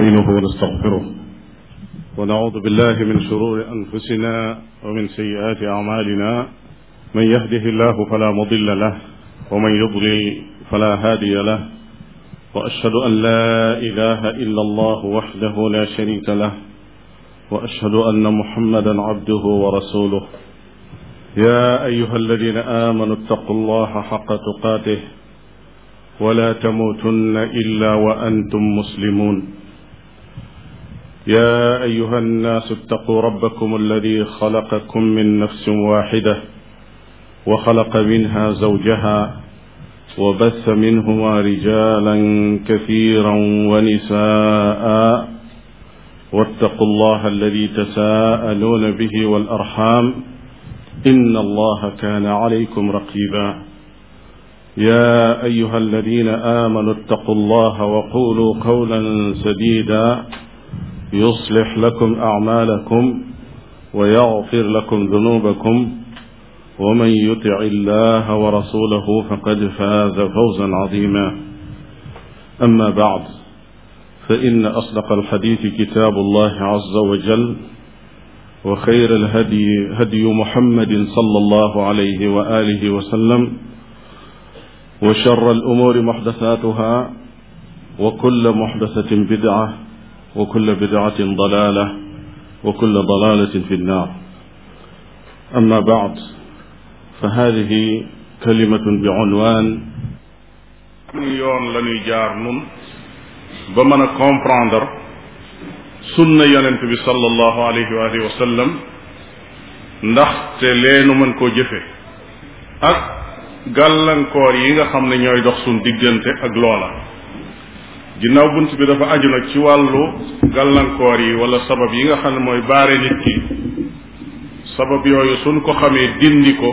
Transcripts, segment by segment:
نستعينه ونستغفره ونعوذ بالله من شرور أنفسنا ومن سيئات أعمالنا من يهده الله فلا مضل له ومن يضلل فلا هادي له وأشهد أن لا إله إلا الله وحده لا شريك له وأشهد أن محمدا عبده ورسوله يا أيها الذين آمنوا اتقوا الله حق تقاته ولا تموتن إلا وأنتم مسلمون يا أيها الناس اتقوا ربكم الذي خلقكم من نفس واحدة وخلق منها زوجها وبث منهما رجالا كثيرا ونساء واتقوا الله الذي تساءلون به والأرحام إن الله كان عليكم رقيبا يا أيها الذين آمنوا اتقوا الله وقولوا قولا سديدا يصلح لكم أعمالكم ويغفر لكم ذنوبكم ومن يطع الله ورسوله فقد فاز فوزا عظيما أما بعد فإن أصدق الحديث كتاب الله عز وجل وخير الهدي هدي محمد صلى الله عليه وآله وسلم وشر الأمور محدثاتها وكل محدثة بدعة wa kulla bidaatin dalaala wa kulla dalaalatin fi nnaar amma baad fa haadihi kalimatun bi unwaan yoon la ñuy jaar nun ba mën a comprendre sunna yonent bi sallallahu alayhi wa alihi wa sallam ndaxte leenu mën koo jëfe ak gàllankoor yi nga xam ne ñooy dox suñ diggante ak loola ginnaaw bunt bi dafa aju nag ci wàllu gàllankoor yi wala sabab yi nga xam ne mooy baare nit ki sabab yooyu suñ ko xamee dindi ko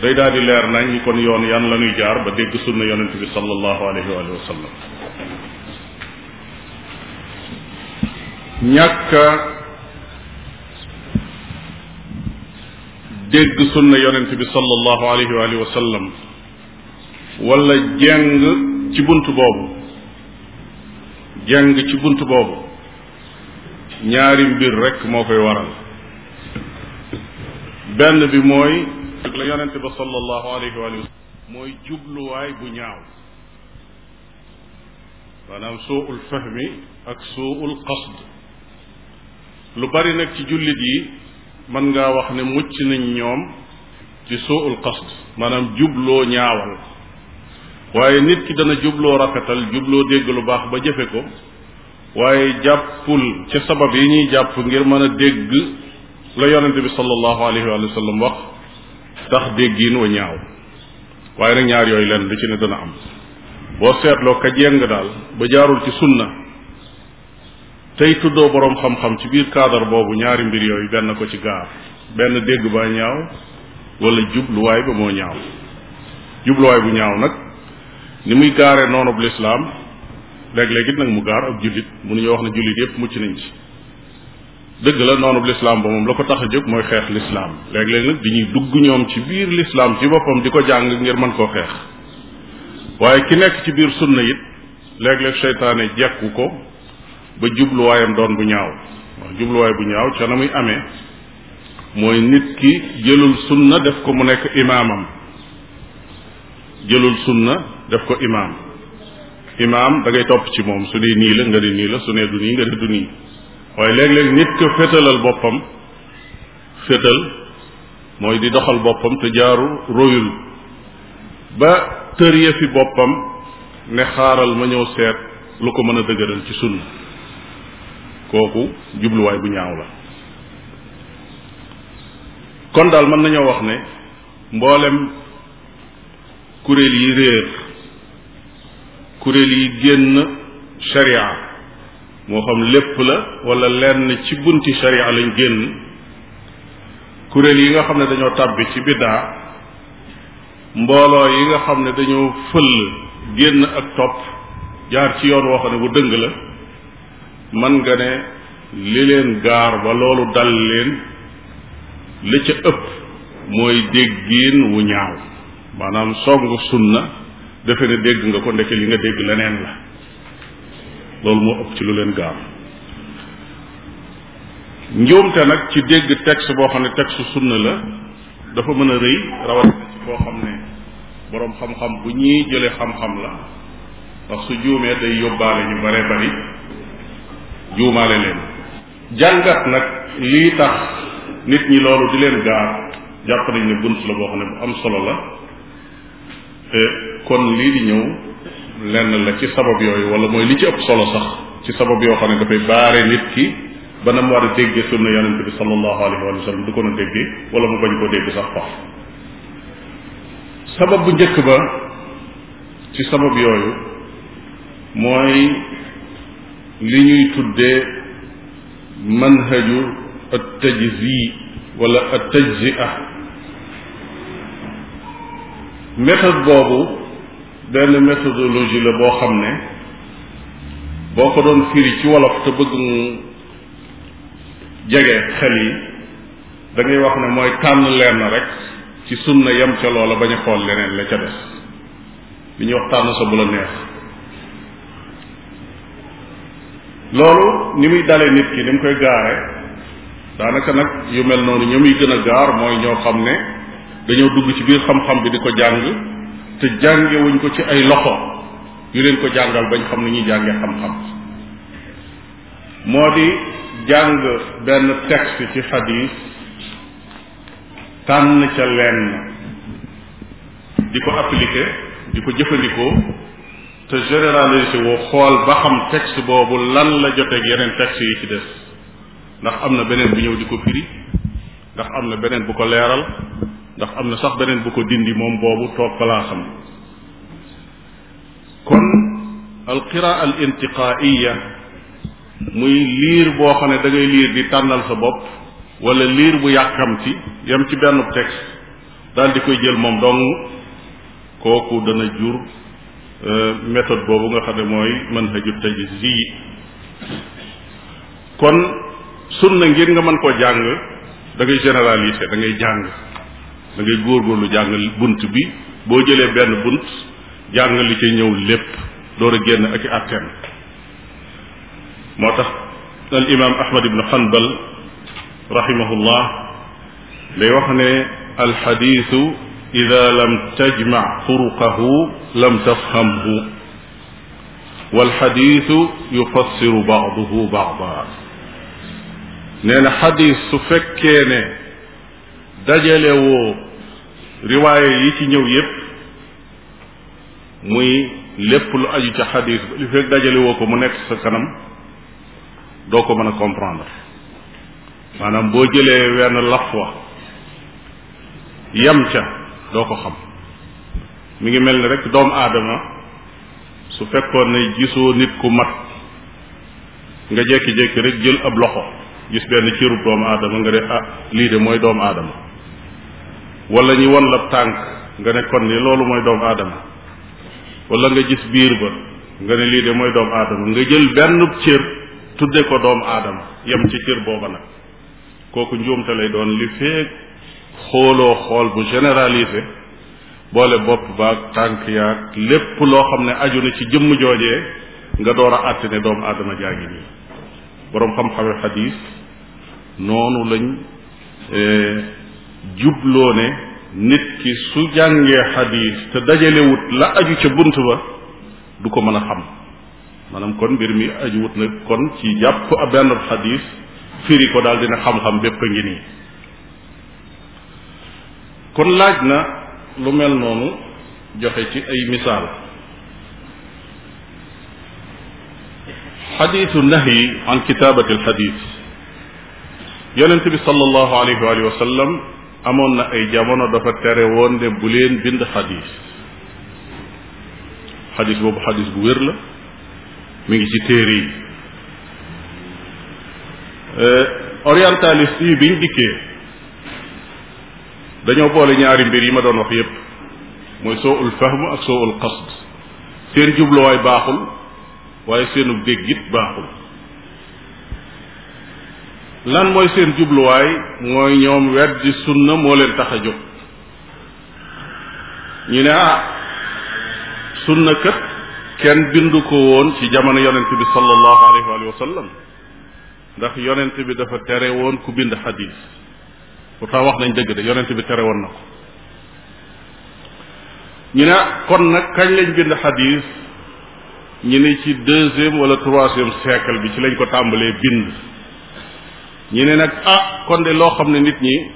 day daal di leer nañ ñi kon yoon yan lañuy jaar ba dégg sunna yonent bi sallallahu alayhi wa sallam ñàkk a dégg sunna yonent bi sallallahu alayhi wa sallam wala jeng ci bunt boobu jàng ci bunt boobu ñaari mbir rekk moo koy waral benn bi mooy ak la yonente ba sallallahu alayhi wa sallam mooy jubluwaay bu ñaaw maanaam suu'ul fahmi ak suu'ul qasd lu bari nag ci jullit yi mën nga wax ne mucc nañ ñoom ci suu'ul qasd maanaam jubloo ñaawal waaye nit ki dana jubloo rafetal jubloo dégg lu baax ba jëfe ko waaye jàppul ca sabab yi ñuy jàpp ngir mën a dégg la yonente bi sallallahu alayhi wa sallam wax tax déggiin wa ñaaw waaye nag ñaar yooyu leen lu ci ne dana am boo seetloo ka jéng daal ba jaarul ci sunna tey tuddoo boroom xam-xam ci biir cadre boobu ñaari mbir yooyu benn ko ci gaar benn dégg baa ñaaw wala jubluwaay ba moo ñaaw jubluwaay bu ñaaw nag ni muy gaare noonu bu lislaam léeg-léeg it nag mu gaar ab jullit ñu wax na jullit yépp mucc nañ ci dëgg la noonu bu lislaam ba moom la ko tax a jóg mooy xeex lislaam léeg-léeg nag ñuy dugg ñoom ci biir lislaam ci boppam di ko jàng ngir mën koo xeex waaye ki nekk ci biir sunna it léeg-léeg seytaane jekku ko ba jubluwaayam doon bu ñaaw jubluwaay bu ñaaw ca na muy amee mooy nit ki jëlul sunna def ko mu nekk imaamam jëlul sunna def ko imaam imaam da topp ci moom su dee nii la nga ne nii la su nee du nii nga ne du nii waaye léeg-léeg nit ko fétalal boppam fétal mooy di doxal boppam te jaaru royul ba tërye fi boppam ne xaaral ma ñëw seet lu ko mën a dëgëral ci sunna kooku jubluwaay bu ñaaw la kon daal mën nañoo wax ne mboolem kuréel yi réer kuréel yi génn sharia moo xam lépp la wala lenn ci bunti sharia lañ génn kuréel yi nga xam ne dañoo tàbbi ci biddaa mbooloo yi nga xam ne dañoo fëll génn ak topp jaar ci yoon woo xam ne bu dëng la man nga ne li leen gaar ba loolu dal leen li ca ëpp mooy déggiin wu ñaaw maanaam songu sunna defe ne dégg nga ko ndeke li nga dégg leneen la loolu moo ëpp ci lu leen gaam njuumte nag ci dégg texte boo xam ne texte sunna la dafa mën a rëy rawatina ci koo xam ne boroom xam-xam bu ñuy jële xam-xam la ndax su juumee day yóbbaale ñu bare bari juumaale leen jàngat nag lii tax nit ñi loolu di leen gaar jàpp nañ ne bunt la boo xam ne bu am solo la eh, kon lii di ñëw lenn la ci sabab yooyu wala mooy li ci ëpp solo sax ci sabab yoo xam ne dafay baare nit ki ba na a déggee sunna yonent bi sallallahu alayhi wa sallam du ko na déggee wala mu bañ koo dégg sax faf sabab bu njëkk ba ci sabab yooyu mooy li ñuy tuddee manhaju at tajzi wala at tajzia méthode boobu benn méthodologie la boo xam ne boo ko doon firi ci wolof te bëgg mu jege xel yi da wax ne mooy tànn lenn rek ci sunna yem ca loola bañ a xool leneen la ca des li ñuy wax tànn sa bu la neex loolu ni muy dalee nit ki ni mu koy gaare daanaka nag yu mel noonu ñoo muy gën a gaar mooy ñoo xam ne dañoo dugg ci biir xam-xam bi di ko jàng te jàngewuñ ko ci ay loxo yu leen ko jàngal bañ xam ni ñuy jànge xam-xam moo di jàng benn texte ci xadis tànn ca lenn di ko appliquer di ko jëfandikoo te généraliser woo xool ba xam texte boobu lan la joteeg yeneen texte yi ci des ndax am na beneen bu ñëw di ko firi ndax am na beneen bu ko leeral ndax am na sax beneen bu ko dindi moom boobu toog palaasam kon al qiraa al muy liir boo xam ne dangay ngay liir di tànnal sa bopp walla liir bu yàkkamti yam ci benn texte dal di koy jël moom dong kooku dana jur euh, metod boobu nga xam ne mooy manhaju tajzi kon sun na ngir nga mën koo jàng da ngay généraliser da ngay jàng da ngay góorgóorlu jàng bunt bi boo jëlee benn bunt jàng li ca ñëw lépp door a génn ak i àtteem moo tax al imam ahmad ibn hanbal rahimahullah day wax ne alxadisu ida lam tajmac turuqahu lam tafhamhu walxadisu yufassiru baaduhu baada nee na xadis su fekkee ne dajale woo riwaaye yi ci ñëw yépp muy lépp lu aju ca xadis li fekk dajale ko mu nekk sa kanam doo ko mën a comprendre maanaam boo jëlee wenn laf wa yam ca doo ko xam mu ngi mel ni rekk doomu aadama su fekkoon ne gisoo nit ku mat nga jekki jékki rek jël ab loxo gis benn cërub doomu aadama nga de ah lii de mooy doomu aadama wala ñi won la tànk nga ne kon ni loolu mooy doomu aadama wala nga gis biir ba nga ne lii de mooy doomu aadama nga jël benn bu cër tudde ko doomu aadama yem ci cër booba nag kooku njuumte lay doon li feeg xooloo xool bu généralisé boole bopp baag tànk yaag lépp loo xam ne aju na ci jëmm joojee nga door a àtte ne doomu aadama jaa ngi nii boroom xam-xame xadiis noonu lañ eh, jubloo ne nit ki su jàngee xadiis te dajalewut la aju ca bunt ba du ko mën a xam maanaam kon mbir mi ajuwut na kon ci jàpp ab benn xadiis firi ko daal dina xam-xam bépp ngi nii kon laaj na lu mel noonu joxe ci ay misaal xadiisu nahyi an kitaabati alxadiis yonent bi sallallahu alayhi wa sallam amoon na ay jamono dafa tere woon ne bu leen bind xadis xadis boobu xadis bu wér la mu ngi ci téere yi euh, orientaliste yi biñ dikkee dañoo boole ñaari mbir yi ma doon wax yépp mooy soo ul fahm ak soo ul qasd seen jubluwaay baaxul waaye seenu déggit baaxul lan mooy seen jubluwaay mooy ñoom weddi sunna moo leen tax a jóg ñu ne ah sunna kët kenn bindu ko woon ci jamono yonent bi sallallahu alayhi wa sallam ndax yonent bi dafa tere woon ku bind xadiis pourtant wax nañ dëgg de yonent bi tere woon na ko ñu ne kon nag kañ lañ bind xadiis ñu ne ci deuxième wala troisième siècle bi ci lañ ko tàmbalee bind ñi ne nag a ah, kon de loo xam ne nit ñi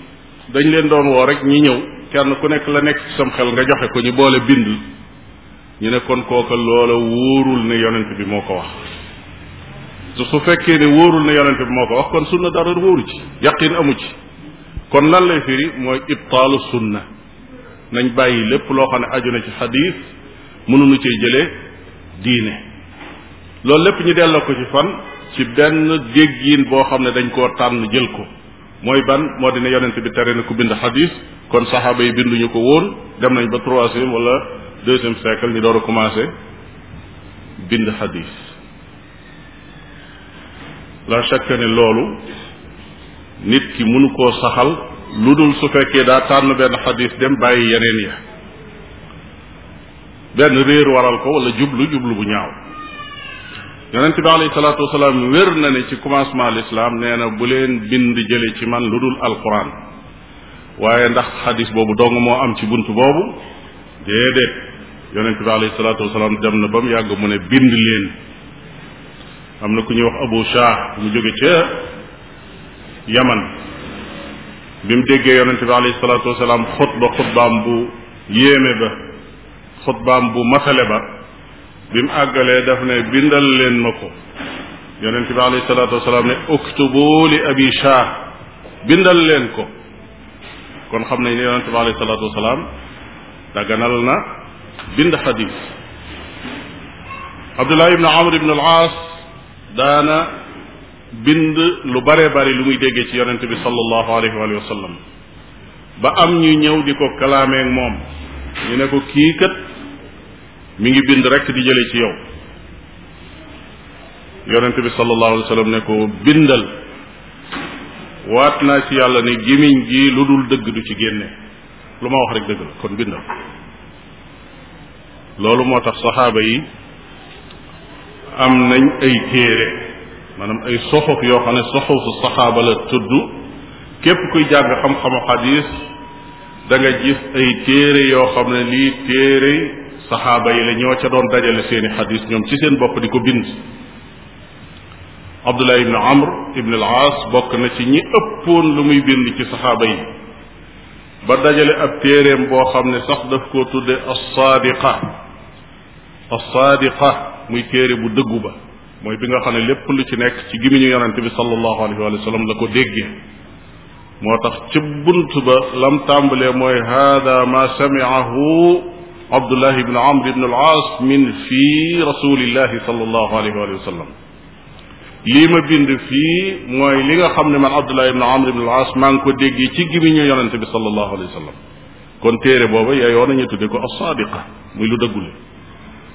dañ leen doon woo rek ñi ñëw kenn ku nekk la nekk ci sam xel nga joxe ko ñu boole bind ñu ne kon kooka loola wóorul ne yonent bi moo ko wax su fekkee ne wóorul ne yonent bi moo ko wax kon sunna dara wóoru ci yaqin amu ci kon lan lay firi mooy ibtaalu sunna nañ bàyyi lépp loo xam ne aju na ci xadiis mënuñu cee jële diine loolu lépp ñu delloo ko ci fan ci benn déggiin boo xam ne dañ koo tànn jël ko mooy ban moo di ne yonent bi tere na ku bind xadis kon saxaaba yi binduñu ko woon dem nañ ba troisième wala deuxième siècle ñu door a commencé bind xadis la chaque ne loolu nit ki mënu koo saxal lu dul su fekkee daa tànn benn xadis dem bàyyi yeneen ya benn réer waral ko wala jublu jublu bu ñaaw yonent bi alayhi salaatu wasalaam wér na ne ci commencement l'islam nee na bu leen bind jële ci man lu dul alquran waaye ndax xadis boobu dong moo am ci bunt boobu déedéet yonent bi alayhi salaatu wasalaam dem na ba mu yàgg mu ne bind leen am na ku ñuy wax Abu Shah mu jóge ca Yaman bi mu déggee yonent bi alayhi salaatu wasalaam xutba xutbaam bu yéeme ba xutbaam bu matale ba bi mu àggalee daf ne bindal leen ma ko yonent bi alayhi salaatu wasalaam ne uktubu li abi shah bindal leen ko kon xam nañ ne yonent bi alayhi salaatu wasalaam na bind xadis abdullah ibn amr ibn al aas daana bind lu bare bari lu muy déggee ci yonent bi sallallahu alayhi ba am ñu ñëw di ko kalaameeg moom ñu ne ko kii mi ngi bind rekk di jële ci yow yonente bi sallallahu alayhi wa sallam ne ko bindal waat naa ci yàlla ne gémmiñ gi lu dul dëgg du ci génne lu ma wax rek dëgg la kon bindal loolu moo tax saxaaba yi am nañ ay téere maanaam ay soxof yoo xam ne soxofu saxaaba la tudd képp kuy jàng xam-xamu xadis da nga ay téere yoo xam ne lii téere saxaaba yi la ñoo ca doon dajale seeni xadis ñoom ci seen bopp di ko bind abdullah ibn amr ibn al bokk na ci ñi ëppoon lu muy bind ci saxaaba yi ba dajale ab téereem boo xam ne sax daf koo tudde assaadiqa assaadiqa muy téere bu dëggu ba mooy bi nga xam ne lépp lu ci nekk ci gémmiñu yonente a sallallahu alayhi wa sallam la ko déggee moo tax ci bunt ba lam tàmbalee mooy hada ma samiahu abdullah ibn amr ibn al-aas min fii rasulillahi sallallahu alayhi wa sallam lii ma bind fii mooy li nga xam ne man abdullah ibn amr ibn al-aas maa ngi ko déggee ci gimiñu yonente bi sallallahu alayhi wa sallam kon téere booba yeyoo nañu tu ko as-saadiqa muy lu dëggule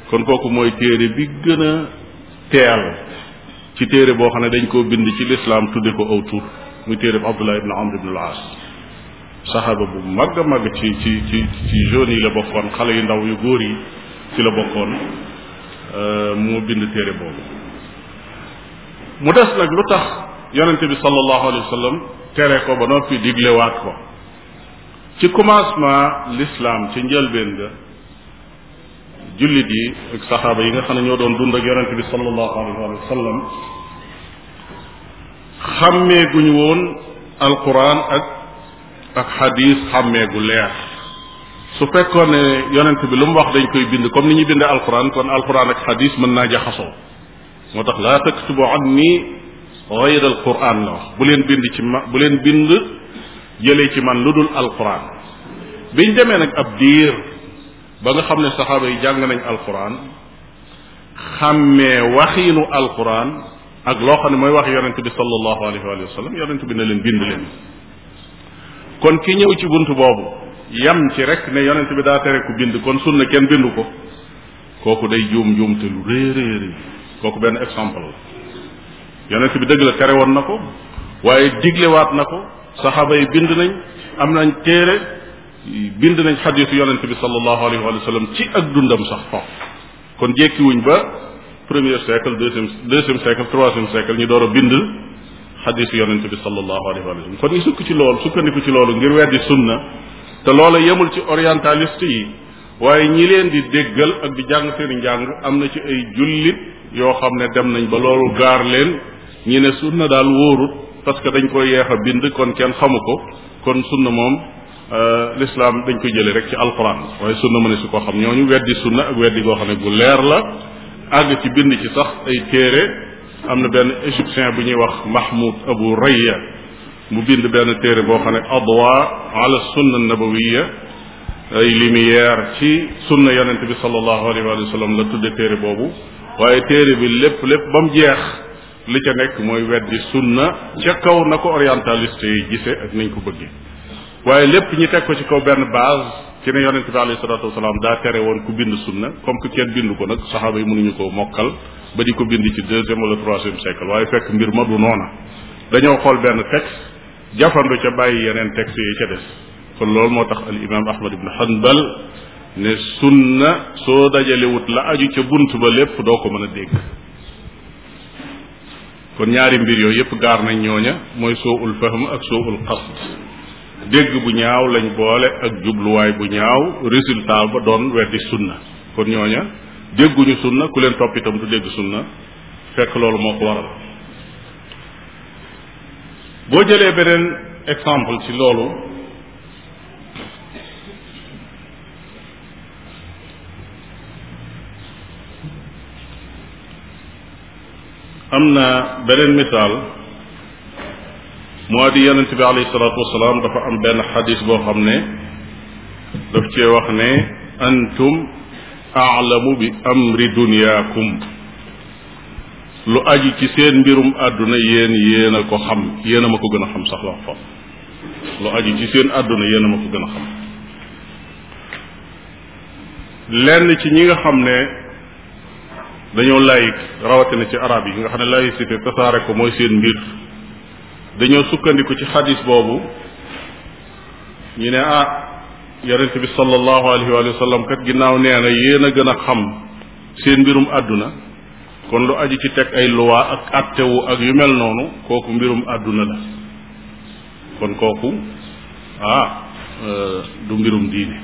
kon kooku mooy téere bi gën teel ci téere boo xam ne dañ koo bind ci lislaam tudde ko aw tur mu téereb abdullah ibn amr ibn al aas saxaaba bu mag a mag ci ci ci ci jeunes yi la bokkoon xale yu ndaw yu góor yi ci la bokkoon euh, moo bind téere boobu mu des nag lu tax yonente bi sallallahu alayhi wa sallam tere ko ba noppi diglewaat ko ci commencement l'islam ci njëlbeen ga jullit yi ak saxaaba yi nga xam ne ñoo doon dund ak yonente bi sallallahu alayhi wa sallam xàmmeeguñu woon alquran ak ak xadis xàmmeegu leer su fekkoon ne yonent bi lu mu wax dañ koy bind comme ni ñuy bindee alquran kon alquran ak xadis mën naa jaxasoo moo tax laa taktubu anni gayra alquran la wax bu leen bind ci ma bu leen bind jële ci man lu dul alquran biñ demee nag ab diir ba nga xam ne saxaaba yi jàng nañ alquran xàmmee waxiinu alquran ak loo xam ne mooy wax yonent bi sallallahu alayhi wa sallam yonent bi ne leen bind leen kon ki ñëw ci bunt boobu yam ci rek ne yonent bi daa tere ku bind kon sunna kenn bindu ko kooku day juum juumte lu réeréeri kooku benn exemple la yonent bi dëgg la tere woon na ko waaye diglewaat na ko saxaaba yi bind nañ am nañ téere bind nañ xadiisu yonent bi sallallahu alayhi wa sallam ci ak dundam sax foofu kon jékkiwuñ ba premier siècle deuxième deuxième siècle ñu door a bind xadiis yonente bi sallallahu alayhi wa sallam kon ñu sukk ci loolu sukkandiku ci loolu ngir weddi sunna te loolo yemul ci orientaliste yi waaye ñi leen di déggal ak di jàng seen njàng am na ci ay jullit yoo xam ne dem nañ ba loolu gaar leen ñi ne sunna daal wóorut parce que dañ koy yeex a bind kon kenn xamu ko kon sunna moom euh, l'islam dañ koy jëlee rek ci alquran waaye sunna mu ne su ko xam ñoo ñooñu weddi sunna ak weddi goo xam ne gu leer la àgg ci bind ci sax ay téere am na benn égyptien bu ñuy wax Mahmoud Abu Raya mu bind benn téere boo xam ne adwa ala sunna nabawiya ay lumière ci sunna yonente bi sallallahu alayhi wa sallam la tudde téere boobu waaye téere bi lépp lépp ba mu jeex li ca nekk mooy weddi sunna ca kaw na ko orientaliste yi gisee ak nañ ko bëggee waaye lépp ñi teg ko ci kaw benn base ci ne yonente bi alayhi salaatu wasalaam daa tere woon ku bind sunna comme que kenn bind ko nag saxaaba yi mënuñu koo mokkal ba di ko bind ci deuxième wala troisième siècle waaye fekk mbir ma du noona dañoo xool benn texte jafandu ca bàyyi yeneen texte yi ca des kon loolu moo tax al imam ahmad ibn hanbal ne sunna soo dajalewut la aju ca bunt ba lépp doo ko mën a dégg kon ñaari mbir yooyu yëpp gaar nañ ñooña mooy soo ul fahm ak soo ul qasd dégg bu ñaaw lañ boole ak jubluwaay bu ñaaw résultat ba doon weddi sunna kon ñooña dégguñu sunna ku leen topp itam du dégg sunna fekk loolu moo ko waral boo jëlee beneen exemple ci loolu am na beneen misaal moo di yonente bi alayhi salaatu wasalaam dafa am benn xadis boo xam ne daf cee wax ne antum aalamu bi amri dunyaakum lu aji ci seen mbirum àdduna yéen yéen a ko xam yéen a ma ko gën a xam sax wax fa lu aji ci seen àdduna yéen ma ko gën a xam lenn ci ñi nga xam ne dañoo layik rawatina ci arab yi nga xam ne laïcité tasaare ko mooy seen mbir dañoo sukkandiku ci xadis boobu ñu ne ah yonent bi sallallahu alayhi wa kat ginnaaw nee na yéen a gën a xam seen mbirum àdduna kon lu aju ci teg ay luwaa ak attewu ak yu mel noonu kooku mbirum àdduna la kon kooku ah euh, du mbirum diine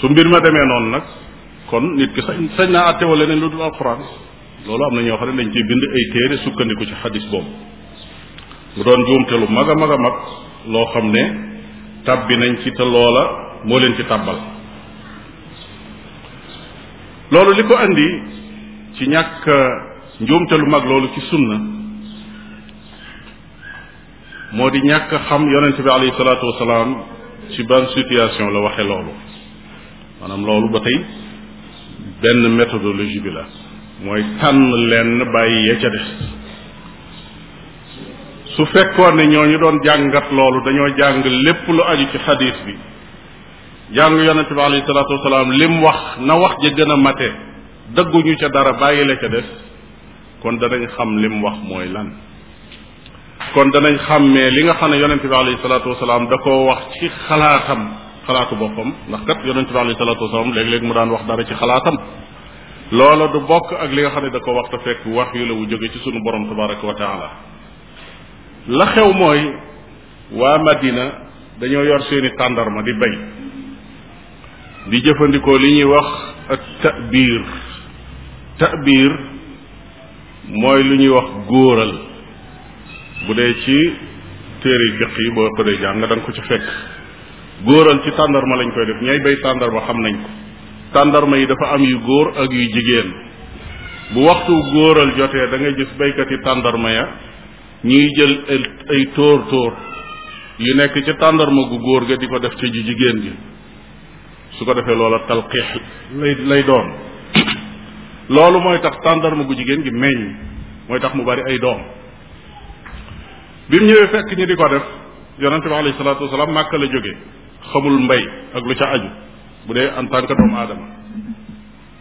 su mbir ma demee noonu nag kon nit ki sañ sañ naa attewu leneen lu dul alxuraan loolu am na ñoo xam ne dañ ciy bind ay téere sukkandiku ci xadis boobu mu doon njuumte lu mag a mag a mag loo xam ne tàbbi nañ ci te la moo leen ci tàbbal loolu li ko andi ci ñàkk njuumte lu mag loolu ci sunna moo di ñàkk xam yonente bi alayhi salaatu wasalaam ci ban situation la waxe loolu maanaam loolu ba tey benn méthodologie bi la mooy tànn lenn bàyyi ya ca des su fekkoon ne ñooñu doon jàngat loolu dañoo jàng lépp lu aju ci xadiis bi jàng yonente bi alayhi salaatu wasalaam lim wax na wax ja gën a mate dëgguñu ca dara bàyyi la ca des kon danañ xam lim wax mooy lan kon danañ xàmmee li nga xam ne yonente bi alayhi salaatu salaam da koo wax ci xalaatam xalaatu boppam ndax kat yonente bi alayhi salaatu wasalaam léeg-léeg mu daan wax dara ci xalaatam loola du bokk ak li nga xam ne da ko wax te fekk wax yu la wu jóge ci sunu borom tabaraka wa taala la xew mooy waa Madina dañoo yor seeni tàndarma di bay di jëfandikoo li ñuy wax ak tabiir tabiir mooy lu ñuy wax góoral bu dee ci téere fiq yi boo ko dee jàng da ko ci fekk góoral ci tàndarma lañ koy def ñay bay tàndarma xam nañ ko tàndarma yi dafa am yu góor ak yu jigéen bu waxtu góoral jotee da ngay gis baykat yi tàndarma ya ñuy jël ay tóor tóor yu nekk ca tàndarma gu góor ga di ko def ca ji jigéen gi su ko defee loola talqiix lay lay doon loolu mooy tax tàndarma gu jigéen gi meññ mooy tax mu bari ay doom bi mu ñëwee fekk ñi di ko def yonente bi alayhi salaatu wasalaam màkka la jóge xamul mbay ak lu ca aju bu dee en tant que doomu aadama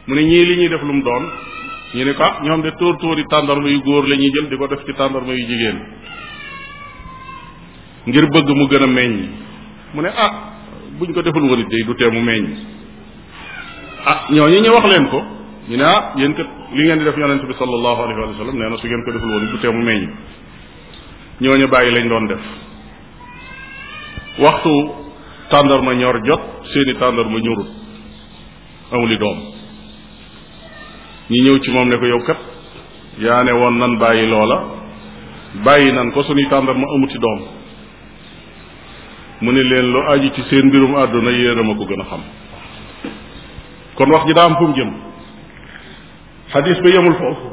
mu ne ñii li ñuy def lu mu doon ñu ne ko ah ñoom de tóor tóori tàndarma yu góor la ñuy jël di ko def ci tàndarma yu jigéen ngir bëgg mu gën a meññ mu ne ah buñ ko deful woon it day du tee mu meññ ah ñooñu ñu wax leen ko ñu ne ah yéen kat li ngeen di def yonent bi sallallahu alayhi wa sallam nee na su ngeen ko deful woon it du tee mu meññ ñooñu bàyyi lañ doon def waxtu tàndarma ñor jot seeni tàndarma ñorut amuli doom ñu ñëw ci moom ne ko yow kat yaa ne woon nan bàyyi loola bàyyi nan ko suñuy tàndar ma amuti doom mu ne leen lu aju ci seen mbirum àdduna yéen a ma ko gën a xam kon wax ji daa am fu mu jëm ba yemul foofu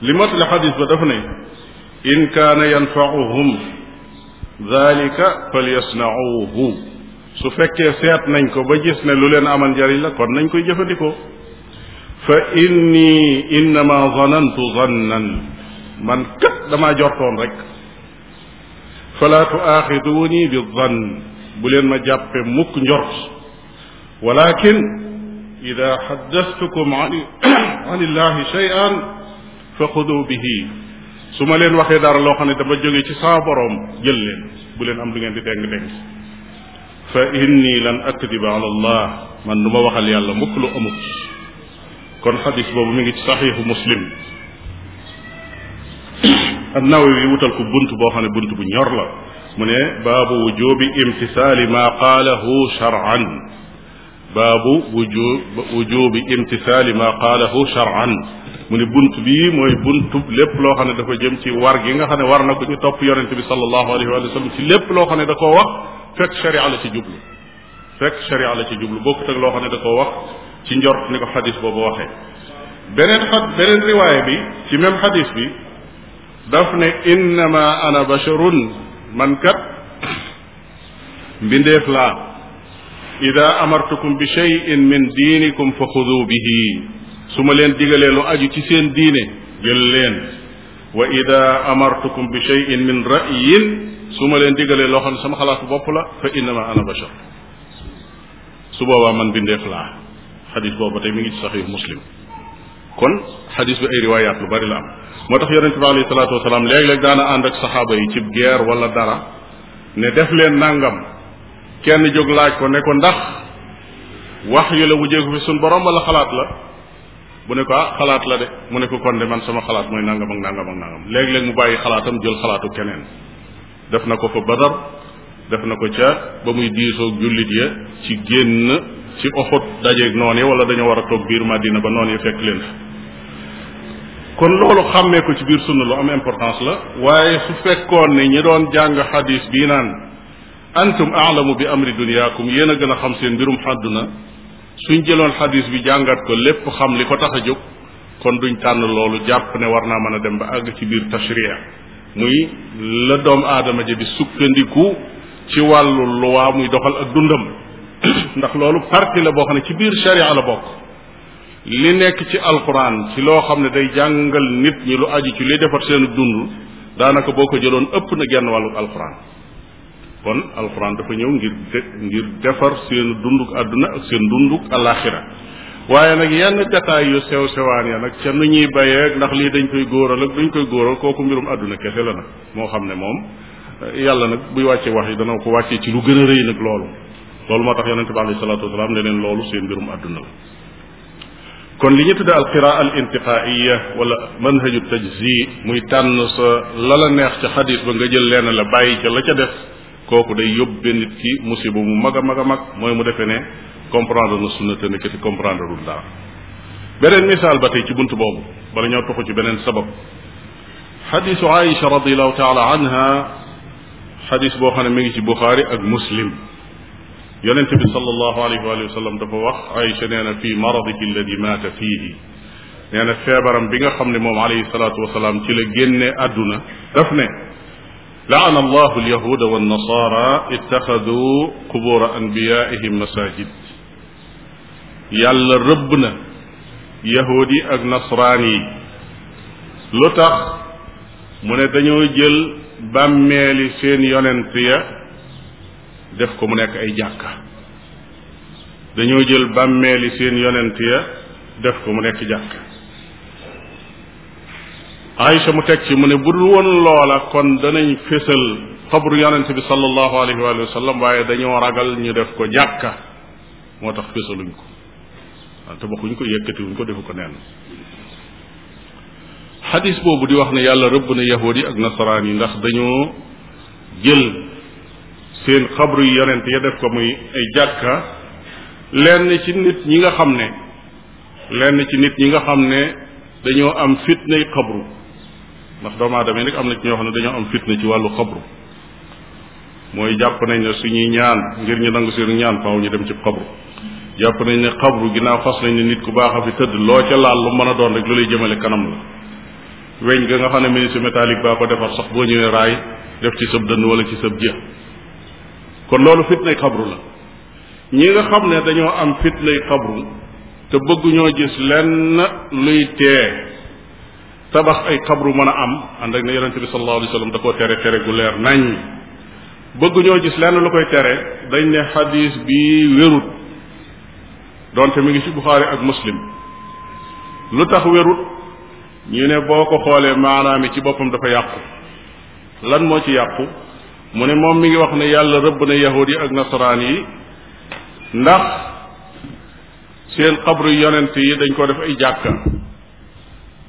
li matale xadis ba dafa ne in kaana yanfauhum dalika falyasnauhu su fekkee seet nañ ko ba gis ne lu leen amal njariñ la kon nañ koy jëfandikoo fa inni innama zanantu zannan man kat damaa jortoon rek fala tuaxiduuni bi zann bu leen ma jàppe mukk njort walakin ida xaddastukum an illahi cheyan fa xudu bihi su ma leen waxee dara loo xam ne dama jóge ci saa boroom jël leen bu leen am lu ngeen di deng-deng fa inni lan akdiba ala allah man du ma waxal yàlla mukk lu amut kon xadis boobu mi ngi ci saxiixu muslim an-Nawawi wutal bunt boo xam ne bunt bu ñor la mu ne baabu wujubi imtisaali maa qaalahu shar'an baabu wuju wujubi imtisaali maa qaalahu shar'an mu ne bunt bii mooy buntub lépp loo xam ne dafa jëm ci war gi nga xam ne war na ko ñu topp yonente bi sallallahu alayhi wa sallam lépp loo xam ne da koo wax fekk sharia la ci jublu fekk sharia la ci jublu bokkut loo xam ne da koo wax ci njort ni ko xadis boobu waxee beneen xad beneen riwaaya bi ci même xadis bi daf ne innama ana basharun man kat mbindeef laa ida amartukum bi cheyin min diinikum fa xudu bihi su ma leen digalee lu aju ci seen diine jël leen wa ida amartukum bi cheyin min rayin su ma leen digalee loo xam ne sama xalaatu bopp la fa innama ana bashar su boobaa man bindeef laa xadis boobu ba tey mi ngi ci saxiix muslim kon xadis bi ay riwaayaat lu bari la am moo tax yonente bi alayhi salaatu wasalaam léeg-léeg daana ànd ak saxaaba yi cib guerre wala dara ne def leen nàngam kenn jóg laaj ko ne ko ndax wax yu la wujjeeku fi suñ borom wala xalaat la bu ne ko ah xalaat la de mu ne ko kon de man sama xalaat mooy nàngam ak nàngam ak nàngam léeg-léeg mu bàyyi xalaatam jël xalaatu keneen def na ko fa badar def na ko ca ba muy diisoog jullit ya ci ci oxut dajeeg noonu wala dañoo war a toog biir Madina ba noonu fekk leen fa kon loolu xàmmee ko ci biir sunna lu am importance la waaye su fekkoon ni ñi doon jàng xadis bii naan antum aalamu bi amri duniyaakum yéen a gën a xam seen mbirum àdduna suñ jëloon xadis bi jàngat ko lépp xam li ko tax a jóg kon duñ tànn loolu jàpp ne war naa mën a dem ba àgg ci biir tashriya muy la doom aadama ja di sukkandiku ci wàllu luwaa muy doxal ak dundam ndax loolu partie la boo xam ne ci biir sharia la bokk li nekk ci alxuraan ci loo xam ne day jàngal nit ñi lu aju ci liy defar seenu dund daanaka boo ko jëloon ëpp nag yenn wàllu alquran kon alquran dafa ñëw ngir ngir defar seenu dunduk àdduna ak seen dunduk alaxira waaye nag yenn détails yu sew sewaan ya nag ca nu ñuy bayee ndax lii dañ koy góoral ak duñ koy góoral kooku mbirum àdduna kese la nag moo xam ne moom yàlla nag buy wàccee wax yi dana ko wàccee ci lu gën a loolu loolu moo tax yonente bi alayhi salaatu wasalaam ne leen loolu seen mbirum àdduna la kon li ñu tudde al qiraa al intiqaiya manhaju tajzi muy tànn sa la neex ca xadis ba nga jël lenn la bàyyi ca la ca def kooku day yóbbe nit ki musiba mu mag a mag a mag mooy mu defee ne comprendre na sunna te comprendre lul dara beneen misaal ba tey ci bunt boobu bala ñoo toxu ci beneen sabab xadisu Aïcha radiallahu taala anha xadis boo xam ne mu ngi ci Buxaari ak Muslim yonente bi sallallahu alayhi wa sallam dafa wax Aysa nee na fii maradihi alladi maata fiihi nee na feebaram bi nga xam ne moom alayhi salaatu wasalaam ci la génne àdduna daf ne laana allahu alyahuda wannasaara ittaxadu qubura anbiyaihim masajid yàlla rëbb na yahuud yi ak nasraan yi lu tax mu ne dañoo jël bàmmeeli seen yonent ya def ko mu nekk ay jàkka dañoo jël bàmmeeli seen yonent ya def ko mu nekk jàkka sa mu teg ci mu ne bu dul woon loola kon danañ fésal xabru yonent bi sallallahu alayhi waaye dañoo ragal ñu def ko jàkka moo tax fésaluñ ko wante waxuñ ko yëkkatiwuñ ko defu ko nenn xadis boobu di wax ne yàlla rëbb na yahud yi ak nasaraan yi ndax dañoo jël seen xabru yi yonent ya def ko muy ay jàkka lenn ci nit ñi nga xam ne lenn ci nit ñi nga xam ne dañoo am fitnay xabru ndax doomu aadama yi nag am na ci ñoo xam ne dañoo am fitna ci wàllu xabru mooy jàpp nañ ne suñuy ñaan ngir ñu nangu seen ñaan faaw ñu dem ci xabru jàpp nañ ne xabru ginnaaw fas nañ ne nit ku baax a fi tëdd loo ca laal lu mën a doon rek lu lay jëmale kanam la weñ ga nga xam ne ministre métallique baa ko defar sax boo ñëwee raay def ci sab dënn wala ci sab jë kon loolu fitnay xabru la ñi nga xam ne dañoo am fitnay xabru te bëgguñoo gis lenn luy tee tabax ay xabru mën a am ànd ak ne yonente bi sallallahu alayhi da koo tere tere gu leer nañ bëgguñoo gis lenn lu koy tere dañ ne xadis bi wérut donte mu ngi ci buxaari ak muslim lu tax wérut ñu ne boo ko xoolee maanaam yi ci boppam dafa yàqu lan moo ci yàqu mu ne moom mi ngi wax ne yàlla rëbb na yahuud yi ak nasaraan yi ndax seen xabru yonent yi dañ ko def ay jàkka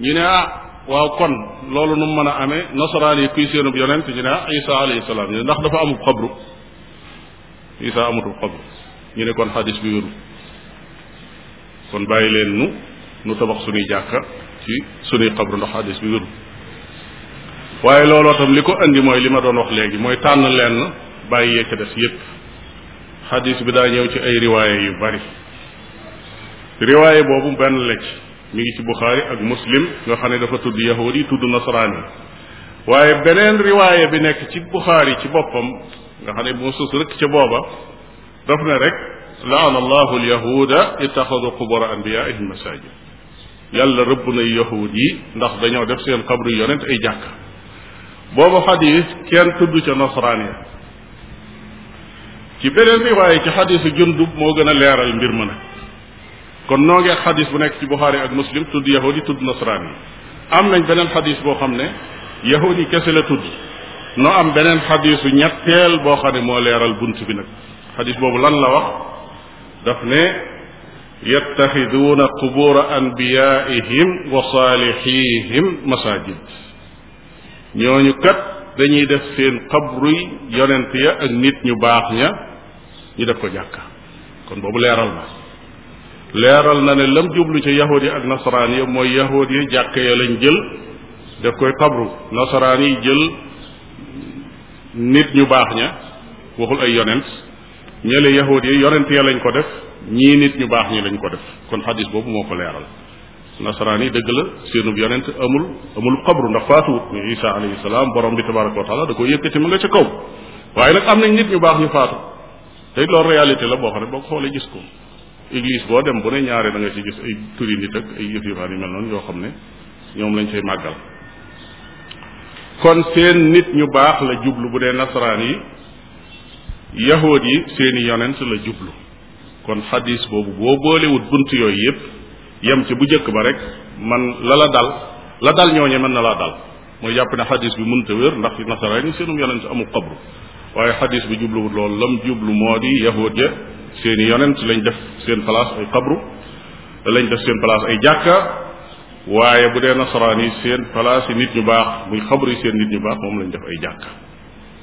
ñu ne ah waaw kon loolu nu mu mën a amee nasaraan yi kuy seenub yonent ñu ne ah isa alayhi salaam ñu ne ndax dafa amub xabru isa amutub xabru ñu ne kon xadis bi wérul kon bàyyi leen nu nu tabax suñuy jàkka ci suñuy xabru ndax xadis bi wérul waaye looloo tam li ko indi mooy li ma doon wax léegi mooy tànn lenn bàyyi def ca des yépp xadis bi daa ñëw ci ay riwaaye yu bari riwaaye boobu benn la ci mi ngi ci Buxaari ak Muslim nga xam ne dafa tudd yahuud yi tudd nasaraan yi waaye beneen riwaaye bi nekk ci Buxaari ci boppam nga xam ne bu sus rëkk ca booba daf ne rek laana allahu alyahuda ittaxadu qubura anbiyaihim masajid yàlla rëbb na yahuud yi ndax dañoo def seen xabru yonent ay jàkk boobu xadis kenn tudd ca nasraan ya ci beneen riwaaye ci xadisu jundub moo gën a leeral mbir ma nag kon noo ngi ak xadis bu nekk ci buxaari ak muslim tudd yahud tudd nasraan yi am nañ beneen xadis boo xam ne yahud yi kese la tudd noo am beneen xadisu ñetteel boo xam ne moo leeral bunt bi nag xadis boobu lan la wax daf ne yattaxiduuna qubura anbiyaihim wa saalihihim masajid ñooñu kat dañuy def seen xabruy yonent ya ak nit ñu baax ña ñu def ko jàkka kon boobu leeral na leeral na ne lam jublu ca yahuud ya ak nasaraan ya mooy yahuud ya jàkka ya lañ jël def koy xabru nasaraan yi jël nit ñu baax ña waxul ay yonent ñële yahuud ya yonent ya lañ ko def ñii nit ñu baax ñi lañ ko def kon xadis boobu moo ko leeral nasaraan yi dëgg la seenub yonent amul amul xabru ndax faatuwut muy isa alayhi salaam borom bi tabaraka wa taala da ko yëkkati mu nga ca kaw waaye nag am nañ nit ñu baax ñu faatu te loolu réalité la boo xam ne boo ko xoolee gis ko église boo dem bu ne ñaare da nga ci gis ay turi nit ak ay yëf yu baax mel noonu yoo xam ne ñoom lañ cay màggal kon seen nit ñu baax la jublu bu dee nasaraan yi yahood yi seeni yonent la jublu kon xadis boobu boo boolewut yem ci bu jëkk ba rek man la la dal la dal ñooñe mën na laa dal mooy jàpp ne xadis bi mënta wér ndax nasaraan yi seenum yonent amul xabru waaye xadis bi jubluwut loolu lam jublu moo di yahuud ya seeni lañ def seen place ay xabru lañ def seen place ay jàkka waaye bu dee nasaraan yi seen place yi nit ñu baax muy xabru yi seen nit ñu baax moom lañ def ay jàkka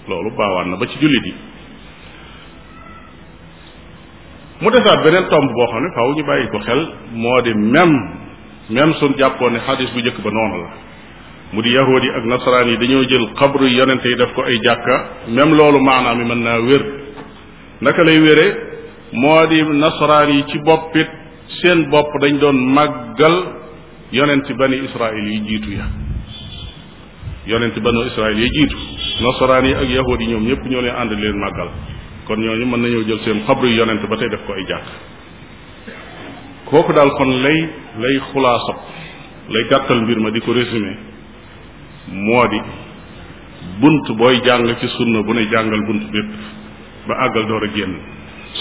loolu baawaan na ba ci jullit yi mu defaat beneen tomb boo xam ne faaw ñu bàyyi ko xel moo di même même suñ jàppoon ne xadis bu njëkk ba noonu la mu di yahuud yi ak nasaraan yi dañoo jël xabru yonente yi def ko ay jàkka même loolu maanaam mi mën naa wér naka lay wére moo di nasaraan yi ci boppit seen bopp dañ doon màggal yonenti bani israil yi jiitu ya yonenti banu israil yi jiitu nasaraan yi ak yahuud yi ñoom ñëpp ñoo leen ànd leen màggal kon ñooñu mën nañoo jël seen xabru yonent ba tey def ko ay jàkk kooku daal kon lay lay xulaasa lay gàttal mbir ma di ko résumé moo di bunt booy jàng ci sunna bu ne jàngal bunt bépp ba àggal door a génn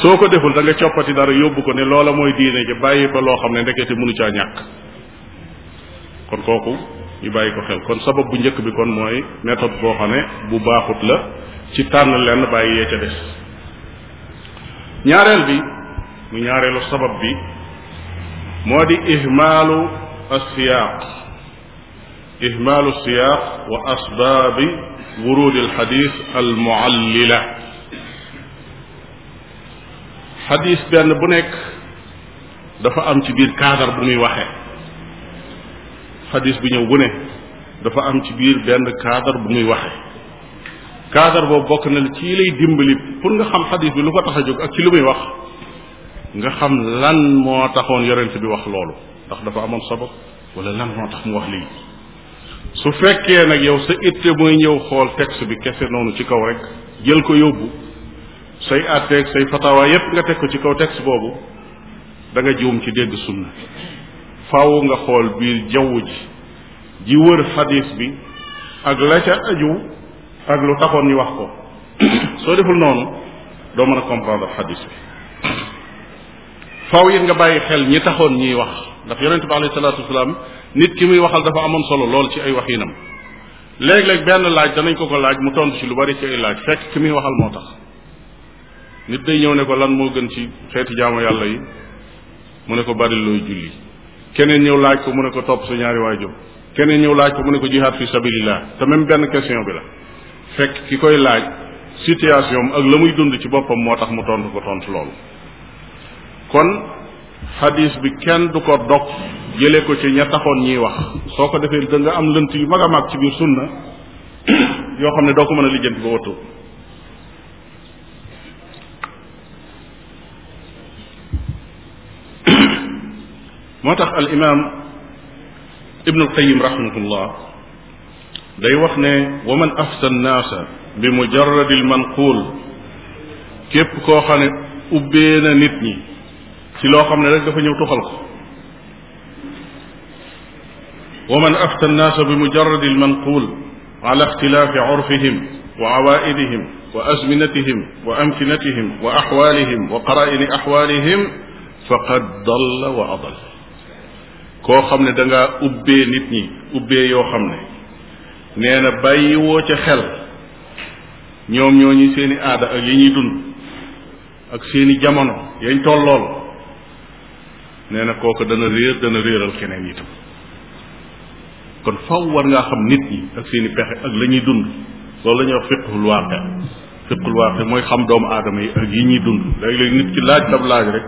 soo ko deful da nga coppati dara yóbbu ko ne loola mooy diine ji bàyyi fa loo xam ne ndekete mënu caa ñàkk kon kooku ñu bàyyi ko xel kon sabab bu njëkk bi kon mooy méthode boo xam ne bu baaxut la ci tànn lenn bàyyi yee ca des ñaareel bi mu ñaareelu sabab bi moo di ihmaalu alsiyaaq ihmaalu siyaaq wa asbaabi wurudi alxadis almuallila xadis benn bu nekk dafa am ci biir cadre bu muy waxe xadis bu ñëw bu ne dafa am ci biir benn cadre bu muy waxe kaatar boobu bokk na ci lay dimbali pour nga xam xadis bi lu ko tax a jóg ak ci lu muy wax nga xam lan moo taxoon yonent bi wax loolu ndax dafa amoon sabab wala lan moo tax mu wax lii su fekkee nag yow sa itte mooy ñëw xool texte bi kese noonu ci kaw rek jël ko yóbbu say atteeg say fatawa yépp nga teg ko ci kaw texte boobu danga nga ci dégg sunna faw nga xool biir jaww ji ji wër xadis bi ak la ca aju ak lu taxoon ñu wax ko soo deful noonu doo mën a comprendre xadis bi faaw it nga bàyyi xel ñi taxoon ñiy wax ndax yonente bi alayhi salaatu wasalaam nit ki muy waxal dafa amoon solo lool ci ay waxinam léeg-léeg benn laaj danañ ko ko laaj mu tontu ci lu bari ci ay laaj fekk ki muy waxal moo tax nit day ñëw ne ko lan moo gën ci xeeti jaamu yàlla yi mu ne ko bari looy julli keneen ñëw laaj ko mu ne ko topp sa ñaari waajur keneen ñëw laaj ko mu ne ko jihaad fi sabilillah te même benn question bi la fekk ki koy laaj situation ak la muy dund ci boppam moo tax mu tontu ko tontu loolu kon xadis bi kenn du ko dog jële ko ci ña taxoon ñiy wax soo ko defee da am lënt yu mag a mag ci biir sunna yoo xam ne doo ko mën a lijjanti ba wattu moo tax al imaam ibnu Qayyim rahmatullah day wax ne wa man afsa naasa bi mujarradi lmanquul képp koo xam ne ubbee na nit ñi ci loo xam ne rek dafa ñëw tuxal ko wa man afta nnaasa bi mujarradi lmanquul ala ixtilaafi urfihim wa awaaidihim wa azminatihim wa amkinatihim wa axwaalihim wa qaraa'ini axwaalihim faqad dalla wa adal koo xam ne dangaa ubbee nit ñi ubbee yoo xam ne nee na bàyyiwoo ca xel ñoom ñooñu seeni aada ak yi ñuy dund ak seeni jamono yañ tollool nee na kooku dana réer dana réeral keneen itam kon faw war ngaa xam nit ñi ak seeni pexe ak la ñuy dund loolu la ñuy wax fiqhul waaqe fiqhul waaqe mooy xam doomu aadama yi ak yi ñuy dund léeg-léeg nit ki laaj dab laaj rek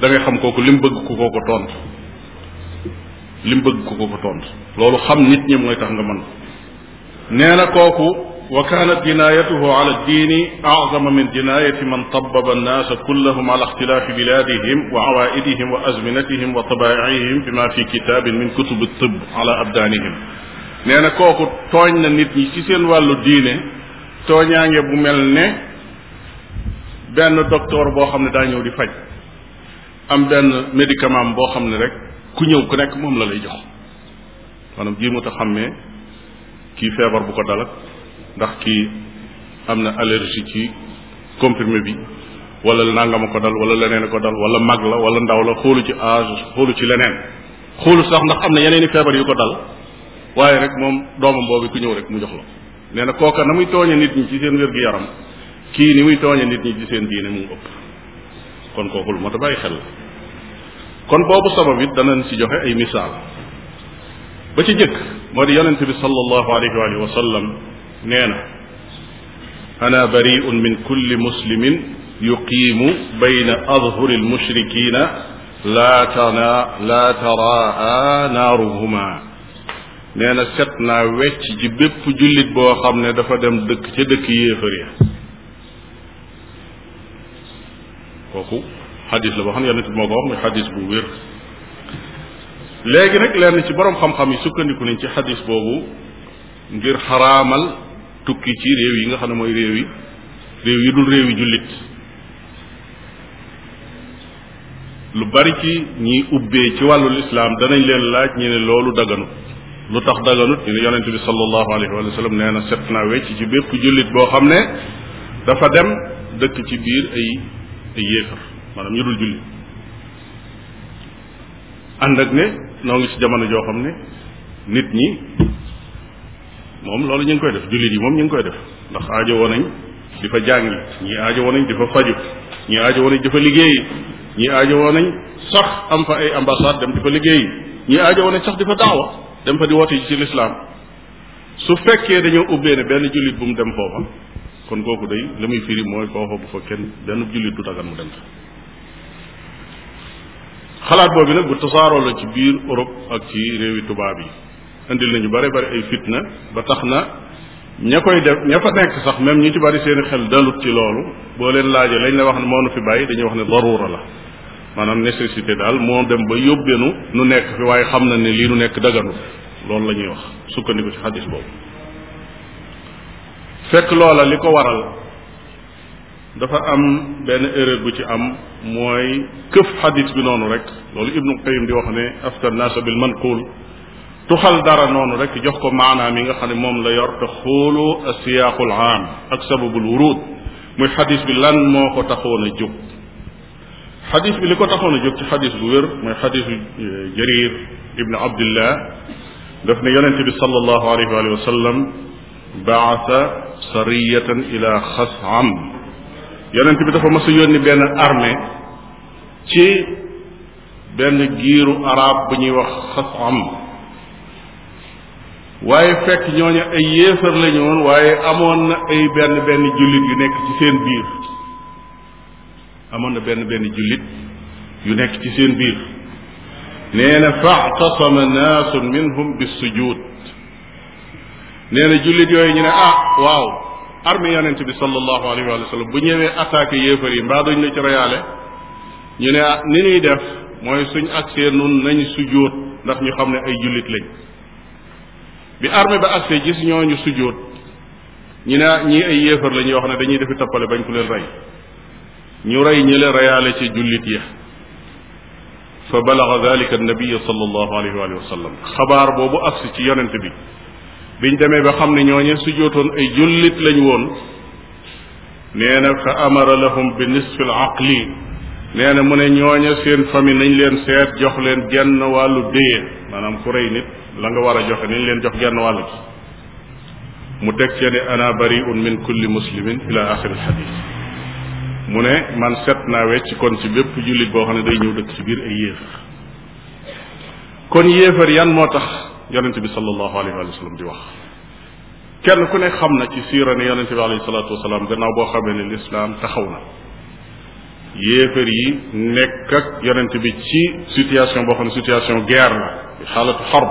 da xam kooku lim bëgg ku ko ko tontu lim bëgg ku ko ko tontu loolu xam nit ñi mooy tax nga mën nee na kooku wa kaanat jinaayatuhu ala diini azama min jinaayati man tababa annaasa kullahum ala ixtilaafi bilaadihim wa awaaidihim wa azminatihim wa tabaaicihim bima fi kitaabin min kutubi tibb ala abdaanihim nee na kooku tooñ na nit ñi ci seen wàllu diine tooñaange bu mel ne benn docteur boo xam ne daa ñëw di faj am benn médicament boo xam ne rek ku ñëw ku nekk moom la lay jox maanaam jii mu ta xàmmee kii feebar bu ko dal ak ndax kii am na allergie ci comprimé bi wala nangama ko dal wala leneen ko dal wala mag la wala ndaw la xoolu ci âge xoolu ci leneen xoolu sax ndax am na yeneen i feebar yu ko dal waaye rek moom doomam boobu ku ñëw rek mu jox la nee na kooka na muy tooñe nit ñi ci seen wér-gu-yaram kii ni muy tooñe nit ñi ci seen diine mu ngi ëpp kon kooku lu mat a bàyyi xel la kon boobu sabab it danañ ci joxe ay misaal ba ci jëkk moo di yonente bi sallallahu alayhi wa alihi wa sallam nee na ana bariun min kulli muslimin yuqiimu bayna adhuri almushrikina laa tana laa taraa naaruhuma nee na set naa wecc ji bépp jullit boo xam ne dafa dem dëkk ca dëkk yéefar ya kooku xadis la boo xam ne yonente bi moo ko wax muy xadis bu wér léegi nag lenn ci boroom xam-xam yi sukkandiku nañ ci xadis boobu ngir xaraamal tukki ci réew yi nga xam ne mooy réew yi réew yi dul réew yi jullit lu bari ci ñiy ubbee ci wàllu lislaam danañ leen laaj ñu ne loolu daganut lu tax daganut ñu ne yonent bi sallallahu alayhi wa sallam nee na set naa wecc ci bépp jullit boo xam ne dafa dem dëkk ci biir ay ay yéefar maanaam ñu dul jullit ànd ak ne noo ngi ci jamono joo xam ne nit ñi moom loolu ñu ngi koy def jullit yi moom ñu ngi koy def ndax aajo woon nañ di fa jàngi ñii aajo woon nañ di fa faju ñii aajo woon nañ di fa liggéeyi ñii aajo woon nañ sax am fa ay ambassade dem di fa liggéeyi ñii aajo woon nañ sax di fa daawa dem fa di woote ci lislaam su fekkee dañoo ubbee ne benn jullit bu mu dem foofa kon kooku dey li muy firi mooy foofa bu fa kenn benn jullit du dagan mu dem fa xalaat boobu nag bu tasaaroo la ci biir Europe ak ci réewi tubaab yi indil nañu bare bari ay fitna ba tax na ña koy def ña fa nekk sax même ñu ci bari seen xel dalut ci loolu boo leen laajee lañ la wax ne moo nu fi bàyyi dañuy wax ne daruura la maanaam nécessité daal moo dem ba yóbbeenu nu nekk fi waaye xam na ne lii nu nekk daganu loolu la ñuy wax sukkandiku ci xadis boobu fekk loola li ko waral dafa am benn erreur bu ci am mooy këf xadis bi noonu rek loolu ibnu qayim di wax ne aftar naasa bil manqul tuxal dara noonu rek jox ko maanaam yi nga xam ne moom la yor te xooloo asiyaaqul aam ak sababul wuruud muy xadis bi lan moo ko taxoon a jóg xadis bi li ko taxoon a jóg bu wér mooy xadisu euh, jarir ibnu abdillah daf ne yonente bi sallallahu alayhi wa sallam baasa sariyatan ila xasam yonent bi dafa mas a yónni benn armée ci benn giiru arab bu ñuy wax xasam waaye fekk ñooñu ay yéefar lañu woon waaye amoon na ay benn benn jullit yu nekk ci seen biir amoon na benn benn jullit yu nekk ci seen biir nee na faxtasama naasun minhum bis sujud nee na jullit yooyu ñu ne ah waaw armée yonent bi sallallahu alayhi wa sallam bu ñëwee attaqué yéefar yi mbaa duñ la ci reyaale ñu ne ah ni ñuy def mooy suñ agsee nun nañ sujjóot ndax ñu xam ne ay jullit lañ bi armée ba agsee gis ñooñu sujjóot ñu ne ah, ñii ay yéefar lañ yoo xam ne dañuy defi tappale bañ ku leen rey ñu rey ñi leen reyaale ci jullit yi fa balaga dalika annabiya sallallahu alayhi wa sallam xabaar boobu agsi ci yonent bi biñ demee ba xam ne ñooñe sujootoon ay jullit lañ woon nee na fa amara lahum bi nisfi al aqli nee na mu ne ñooña seen famille nañ leen seet jox leen genn wàllu déye maanaam ku rey nit la nga war a joxe nañ leen jox genn wàllu ci mu teg ca ne ana bariun min kulli muslimin ila axiri alxadis mu ne man set naa wecc kon ci bépp jullit boo xam ne day ñëw dëkk ci biir ay yéefar kon yéefar yan moo tax yonent bi sallallahu alayhi wa sallam di wax kenn ku ne xam na ci siira ne yonente bi alayhi salaatu wasalaam gannaaw boo xamee ne lislaam taxaw na yéefar yi nekk ak yonent bi ci situation boo xam ne situation guerre la xaalatu xarb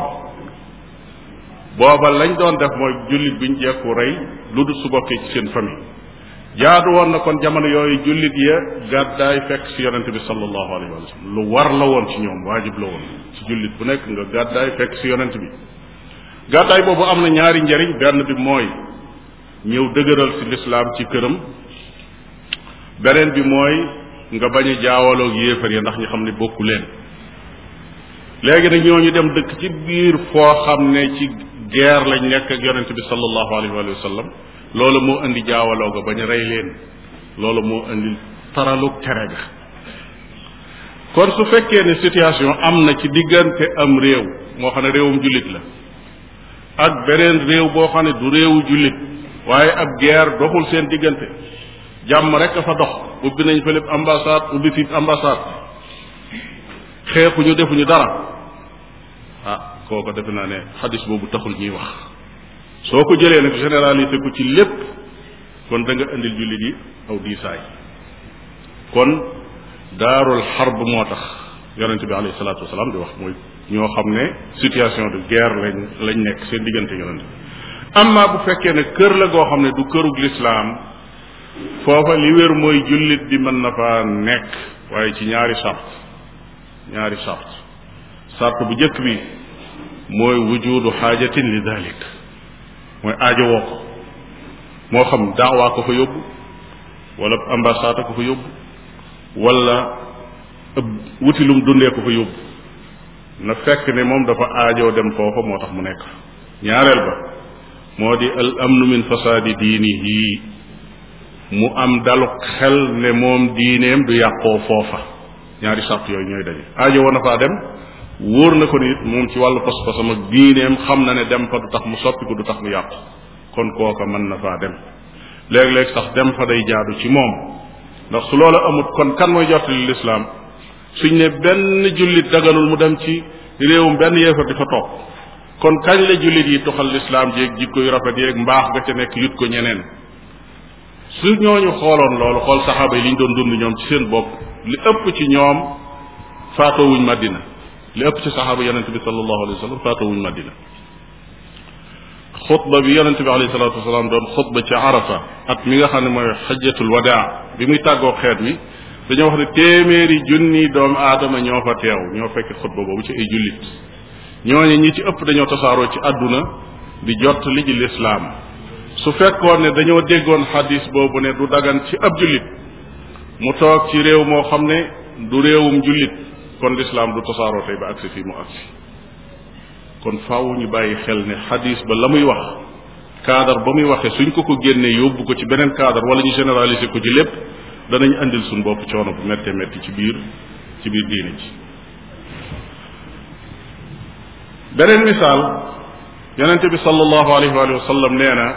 booba lañ doon def mooy jullit biñ jekku rey lu dul su bokkee ci seen famille jaadu woon na kon jamono yooyu jullit ya gàddaay fekk ci yonente bi sallallahu alayhi wa sallam lu war la woon ci ñoom waajib la woon ci jullit bu nekk nga gàddaay fekk si yonente bi gàddaay boobu am na ñaari njariñ benn bi mooy ñëw dëgëral si lislaam ci këram beneen bi mooy nga bañ a jaawaloog yéefar ya ndax ñu xam ne bokku leen léegi nag ñooñu dem dëkk ci biir foo xam ne ci guerre lañ nekk ak yonente bi sallallahu alayhi wa sallam loolu moo indi jaawaloo ga bañ a rey leen loolu moo indi taralu tere ga kon su fekkee ne situation am na ci diggante am réew moo xam ne réewum jullit la ak beneen réew boo xam ne du réewu jullit waaye ab guerre doxul seen diggante jàmm rek a fa dox ubbi nañ fa lépp ambassade ubbi fi ambassade xeexuñu defuñu dara ah kooko defe naa ne xadis boobu taxul ñuy wax soo ko jëlee nag généralité ko ci lépp kon da nga indil jullit yi aw diisaay kon daarul xarb moo tax yonente bi alayhi salaatu wasalaam di wax mooy ñoo xam ne situation de guerre lañ lañ nekk seen diggante yonente amma bu fekkee ne kër la goo xam ne du kërug lislaam foofa li wér mooy jullit bi mën na faa nekk waaye ci ñaari sart ñaari sart sart bu jëkk bi mooy wujudu xaajatin li dalik mooy aajowoo ko moo xam daawaa ko fa yóbbu wala ambassade ko fa yóbbu wala ëb wuti lum dundee ko fa yóbbu na fekk ne moom dafa aajoo dem foofa moo tax mu nekk ñaareel ba moo di al amnu min fasaadi diinihi mu am dalu xel ne moom diineem du yàqoo foofa ñaari sàrt yooyu ñooy daje aajowoo na faa dem wóor na ko nit moom ci wàllu pas-pasam ak diineem xam na ne dem fa du tax mu soppiku du tax mu yàqu kon kooka mën na faa dem léeg-léeg sax dem fa day jaadu ci moom ndax su loola amut kon kan mooy jottali lislaam suñ ne benn jullit daganul mu dem ci réewum benn yéefar di toog kon kañ la jullit yi toxal lislaam jéeg jikko yu rafet yeeg mbaax nga ca nekk yut ko ñeneen su ñooñu xooloon loolu xool saxaaba yi li ñu doon dund ñoom ci seen bopp li ëpp ci ñoom faatoowuñ màddina li ëpp ci saxaaba yonente bi sallallahu alayhi wa sallam faatuwuñ madina xutba bi yonente bi alayhi salatu wasalaam doon xutba ci arafa at mi nga xam ne mooy xajjatul wadaa bi muy tàggoo xeet mi dañoo wax ne téeméeri junni doomu aadama ñoo fa teew ñoo fekk xutba boobu ci ay jullit ñooñu ñi ci ëpp dañoo tasaaroo ci àdduna di jot li lislaam su fekkoon ne dañoo déggoon xadis boobu ne du daggan ci ab jullit mu toog ci réew moo xam ne du réewum jullit kon lislaam du tasaaroo tey ba agsi fii mu agsi kon faaw ñu bàyyi xel ne xadis ba la muy wax cadre ba muy waxee suñ ko ko génnee yóbbu ko ci beneen cadre wala ñu généraliser ko ci lépp danañ andil suñ bopp coono bu méttee métti ci biir ci biir diine ji beneen misaal bi sallallahu alayhi wa sallam nee na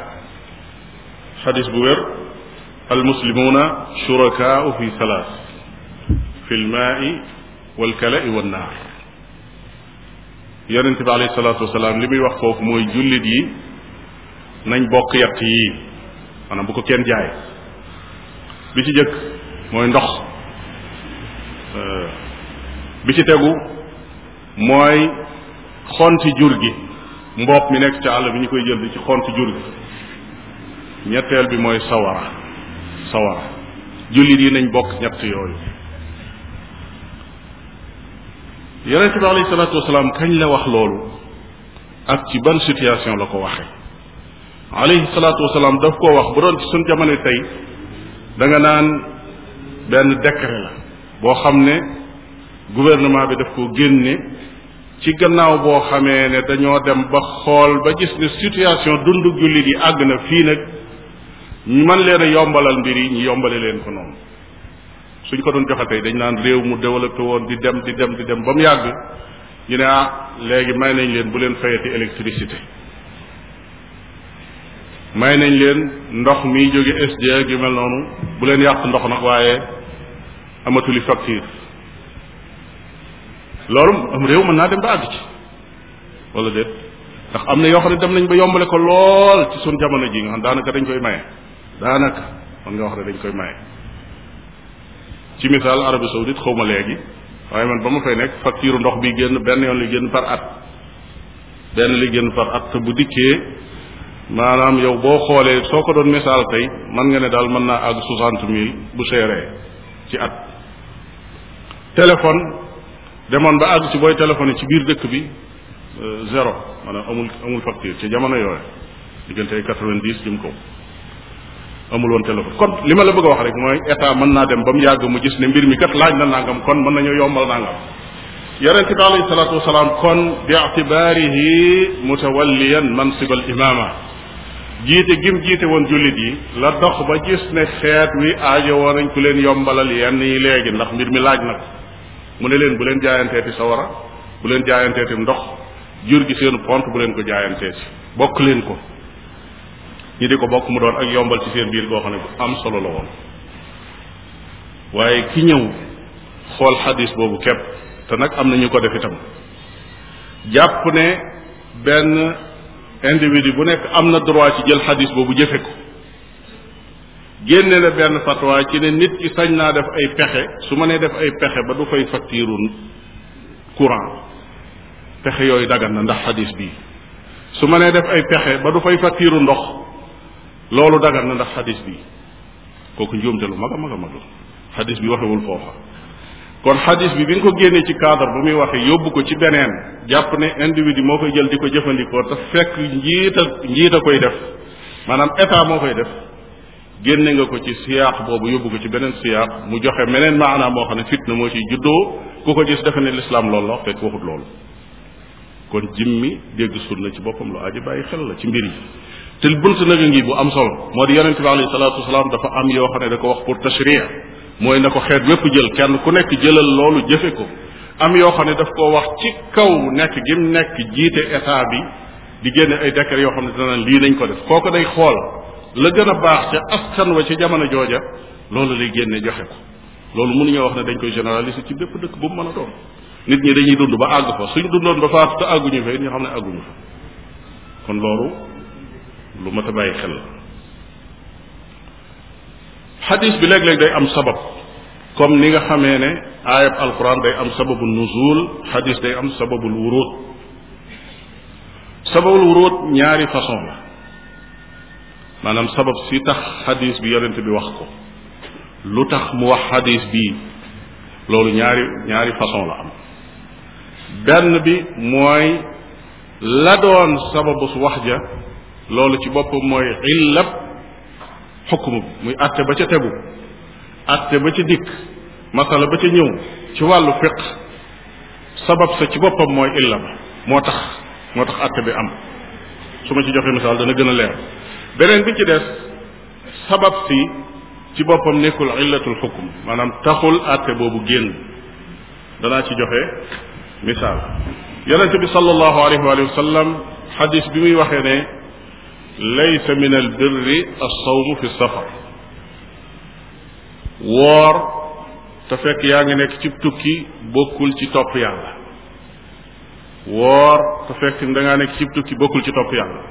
xadis bu wér almuslimuuna shurakaau fi salaas fi lmaai wal kala'i wan naar yonente bi alayhi salaatu wasalaam li muy wax foofu mooy jullit yi nañ bokk yett yii maanaam bu ko kenn jaay bi ci jëkk mooy ndox bi ci tegu mooy xonti jur gi mbopp mi nekk ca àll bi ñu koy jël di ci xonti jur gi ñetteel bi mooy sawara sawara jullit yi nañ bokk ñett yooyu yonente bi alayhi salaatu wasalaam kañ la wax loolu ak ci ban situation la ko waxe alayhi salaatu salaam daf koo wax bu doon ci suñ jamono tey da nga naan benn décret la boo xam ne gouvernement bi daf koo génne ci gannaaw boo xamee ne dañoo dem ba xool ba gis ne situation dundu jullit yi àgg na fii nag ñu mën leen yombalal mbir yi ñu yombale leen ko noonu suñ ko doon joxe tey dañ naan réew mu développé woon di dem di dem di dem ba mu yàgg ñu ne ah léegi may nañ leen bu leen fayati électricité may nañ leen ndox mi jóge SDE yu mel noonu bu leen yàq ndox nag waaye amatul amatuli facture loolu am réew mën naa dem ba àgg ci wala déet ndax am na yoo xam ne dem nañ ba yombale ko lool ci suñ jamono ji nga xam daanaka dañ koy maye daanaka mën nga wax ne dañ koy maye ci misaal Arabie saoudite xaw ma léegi waaye man ba ma fay nekk facture ndox bi génn benn yoon li génn par at benn li génn par at bu dikkee maanaam yow boo xoolee soo ko doon misaal tey man nga ne daal mën naa àgg soixante mille bu seeree ci at téléphone demoon ba àgg ci booy téléphone ci biir dëkk bi euh, zéro maanaam amul amul facture ci jamono yooyu diggante ay quatre-vingt-dix jëm kaw amul woon téléphone kon li ma la bëgg a wax rek mooy état mën naa dem ba mu yàgg mu gis ne mbir mi kat laaj na nangam kon mën nañu yombal nangam yonente bi alayhi salaatu wasalaam kon bi itibaarihi mutawalliyan mansib al imaama jiite gim jiite woon jullit yi la dox ba gis ne xeet wi aajo woon nañ ku leen yombalal yenn yi léegi ndax mbir mi laaj na ko mu ne leen bu leen jaayanteeti sawara bu leen jaayanteeti ndox jur gi seenu pont bu leen ko jaayanteeti bokk leen ko ñi di ko bokk mu doon ak yombal ci seen biir boo xam ne bu am solo la woon waaye ki ñëw xool xadis boobu képp te nag am na ñu ko def itam jàpp ne benn individu bu nekk am na droit ci jël xadis boobu jëfe ko génne na benn fatwa ci ne nit ki sañ naa def ay pexe su ma nee def ay pexe ba du fay facture courant pexe yooyu dagan na ndax xadis bii su ma nee def ay pexe ba du fay facture ndox loolu dagan na ndax xadis bi kooku njuumte lu mag a mag a mag la xadis bi waxewul foofa kon xadis bi bi nga ko génnee ci cadre bu muy waxe yóbbu ko ci beneen jàpp ne yi moo koy jël di ko jëfandikoo te fekk njiit a njiit koy def maanaam état moo koy def génne nga ko ci siyaax boobu yóbbu ko ci beneen siyaax mu joxe meneen maanaam moo xam ne fitna moo ciy juddoo ku ko gis defe ne lislaam loolu la wax fekk waxut loolu kon jimmi dégg sunna ci boppam lu aji bàyyi xel la ci mbir yi te bunt nag a ngi bu am solo moo di yonente bi alayhi salaatu wasalaam dafa am yoo xam ne da ko wax pour tashriya mooy na ko xeet wépp jël kenn ku nekk jëlal loolu jëfe ko am yoo xam ne daf koo wax ci kaw nekk gim nekk jiite état bi di génne ay décret yoo xam ne danaan lii nañ ko def kooku day xool la gën a baax ca askan wa ci jamono jooja loolu lay génne joxe ko loolu mënuñoo wax ne dañ koy généraliser ci bépp dëkk bu mu mën a doon nit ñi dañuy dund ba àgg fa suñ dundoon ba faatu te àgguñu fa it xam ne àgguñu lu mat a bàyyi xel xadis bi léeg-léeg day am sabab comme ni nga xamee ne aayab alquran day am sababu nuzul xadis day am sababul wuruut sababul wuruut ñaari façon la maanaam sabab si tax xadis bi yonent bi wax ko lu tax mu wax xadis bi loolu ñaari ñaari façon la am benn bi mooy la doon sababu su wax ja loolu ci boppam mooy illab xukmu bi muy atte ba ca tegu atte ba ca dikk masala ba ca ñëw ci wàllu fiq sabab sa ci boppam mooy illa moo tax moo tax atte bi am su ma ci joxee misaal dana gën a leer beneen bi ci des sabab si ci boppam nekkul illatul xukm maanaam taxul atte boobu génn danaa ci joxe misaal yonente bi sallallahu alayhi wa sallam xadis bi muy waxee ne laysa min al birri fi safar woor te fekk yaa ngi nekk ci tukki bokkul ci topp yàlla woor te fekk da ngaa nekk ci tukki bokkul ci topp yàlla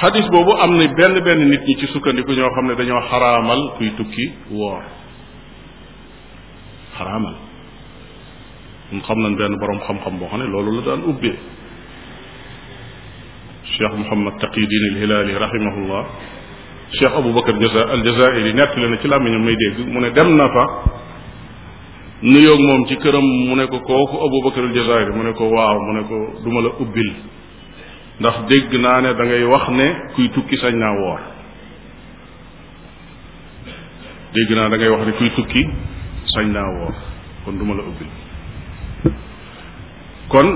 xadis boobu am na benn benn nit ñi ci sukkandiku ñoo xam ne dañoo xaraamal kuy tukki woor xaraamal ñun xam nañ benn boroom xam-xam boo xam ne loolu la daan ubbee cheikh Mouhamad Taqiyuddin al-Hilaali rahimahullah cheikh Aboubacar Jaza al-Jazaa'iri nettali na ci làmmiñam may dégg mu ne dem na fa nuyoog moom ci këram mu ne ko kooku Aboubacar al-Jazaa'iri mu ne ko waaw mu ne ko duma la ubbil ndax dégg naa ne dangay ngay wax ne kuy tukki sañ naa woor dégg naa da ngay wax ne kuy tukki sañ naa woor kon duma la ubbil kon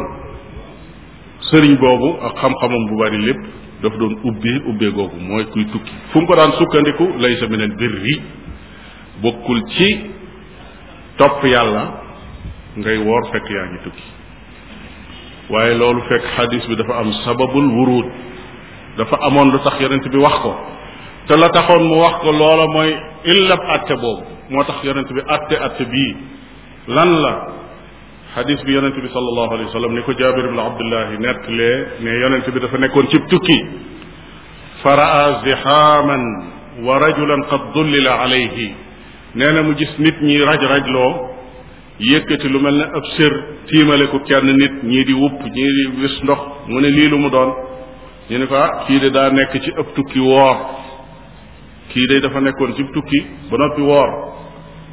sëriñ boobu ak xam-xamam bu bari lépp daf doon ubbee ubbee googu mooy kuy tukki fu mu ko daan sukkandiku lay sa meneen birri bokkul ci topp yàlla ngay woor fekk yaa ngi tukki waaye loolu fekk xadis bi dafa am sababul wuruud dafa amoon lu tax yonent bi wax ko te la taxoon mu wax ko loola mooy illab atte boobu moo tax yonent bi atte atte bii lan la xadis bi yonente bi sallallahu alayhi wa sallam ni ko jaabir ibn abdullahi nettalee ne yonente bi dafa nekkoon cib tukki fa raa zihaaman wa rajulan qad dullila alayhi nee na mu gis nit ñi raj loo yékkati lu mel ne ab sér tiimale ko kenn nit ñii di wupp ñii di wis ndox mu ne lii lu mu doon ñu ne ko ah kii de daa nekk ci ab tukki woor kii de dafa nekkoon cib tukki ba noppi woor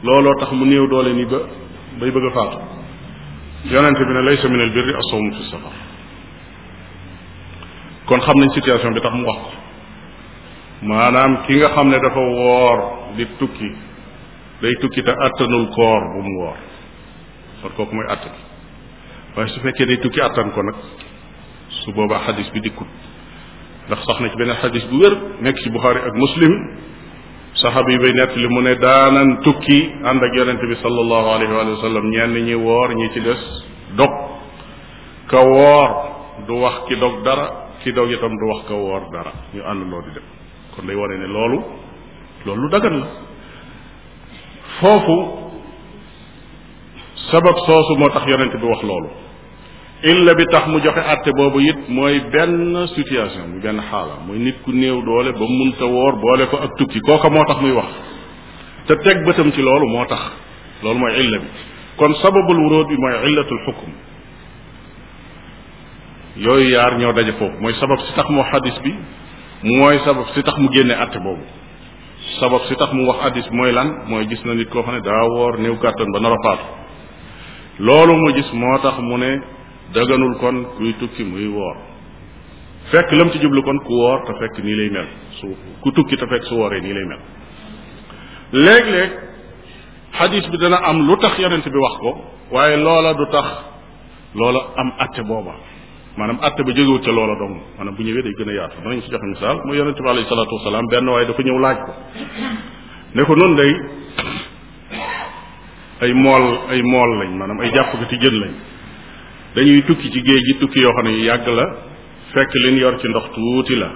looloo tax mu néew doole ni ba bay bëgg a faatu yonent bi ne laysa min al birri as-sawmu fi safar kon xam nañ situation bi tax mu wax ko maanaam ki nga xam ne dafa woor di tukki day tukki te àttanul koor bu mu woor kon kooku mooy àtt bi waaye su fekkee day tukki àttan ko nag su boobaa xadis bi dikkut ndax sax na ci beneen xadis bu wér nekk ci Buxaari ak Muslim saxaaba yi bay nettali mu ne daanan tukki ànd ak yonente bi sallallahu alayhi wa sallam ñenn ñi woor ñi ci des dog ka woor du wax ki dog dara ki dog itam du wax ka woor dara ñu àndandoo di dem kon day wane ne loolu loolu lu dagan la foofu sabab soosu moo tax yonente bi wax loolu illa bi tax mu joxe àtte boobu it mooy benn situation mu benn xaala muy nit ku néew doole ba munta woor boole ko ak tukki kooka moo tax muy wax te teg bëtam ci loolu moo tax loolu mooy illa kon sababul wuróot bi mooy illatul xukum daje foofu mooy sabab tax mu wax hadis bi mooy sabab si tax mu génne àtte boobu sabab si tax mu wax hadis mooy lan mooy gis na nit koo xam ne daa woor néew kàttan ba nar a loolu mu gis moo tax mu ne daganul kon kuy tukki muy woor fekk lam ci jublu kon ku woor te fekk nii lay mel su ku tukki te fekk su wooree nii lay mel léeg-léeg xadis bi dana am lu tax yonent bi wax ko waaye loola du tax loola am atte booba maanaam atte ba jógewut ca loola dong maanaam bu ñëwee day gën a yaatu danañ si joxe misaal muy yonent bi alayhi salaatu wasalaam benn waaye dafa ñëw laaj ko ne ko noonu day ay mool ay mool lañ maanaam ay ci jën lañ dañuy tukki ci géej gi tukki yoo xam ne yu yàgg la fekk liñ yor ci ndox tuuti la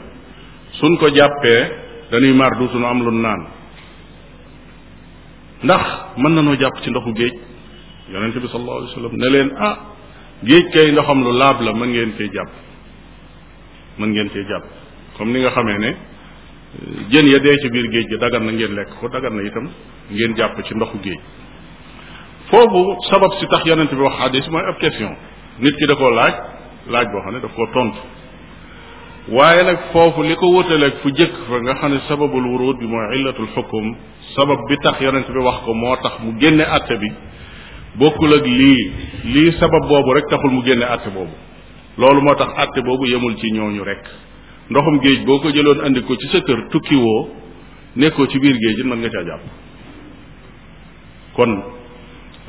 suñ ko jàppee dañuy mar duutu nu am lu naan ndax mën nañoo jàpp ci ndoxu géej yonente bi sallallahu alayhi wa sallam ne leen ah géej kay ndoxam lu laab la mën ngeen cee jàpp mën ngeen cee jàpp comme ni nga xamee ne jën ya dee ci biir géej gi dagan na ngeen lekk ko dagan na itam ngeen jàpp ci ndoxu géej foofu sabab si tax yonente bi wax xadis mooy ab question nit ki da koo laaj laaj boo xam ne daf koo tontu waaye nag foofu li ko wutaleeg fu jëkk fa nga xam ne sababul wurud bi mooy illatul xukum sabab bi tax yonent wax ko moo tax mu génne àtte bi bokkul ak lii lii sabab boobu rek taxul mu génne àtte boobu loolu moo tax àtte boobu yemul ci ñooñu rek ndoxum géej boo ko jëloon indi ko ci sa kër tukkiwoo nekkoo ci biir géej it mën nga caa jàpp kon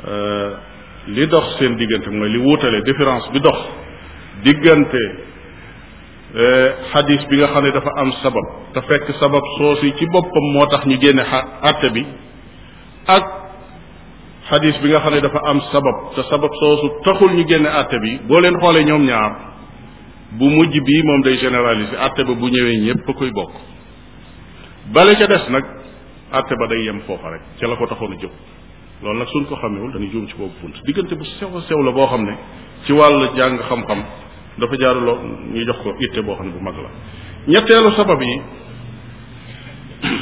euh, li dox seen diggante mooy li wuutale différence bi dox diggante euh, xadis bi nga xam ne dafa am sabab te fekk sabab soosi ci boppam moo tax ñu génne àtte bi ak xadis bi nga xam ne dafa am sabab te sabab soosu taxul ñu génne àtte bi boo leen xoolee ñoom ñaar bu mujj bii moom day généraliser àtte ba bu ñëwee ñépp koy bokk bale ca des nag àtte ba day yem foofa rek ca la ko taxoon a jóg loolu nag suñ ko xamewul dañuy juum ci boobu bunt diggante bu sew a sew la boo xam ne ci wàll jàng xam-xam dafa jaaruloo ñu jox ko itte boo xam ne bu mag la ñetteelu sabab yi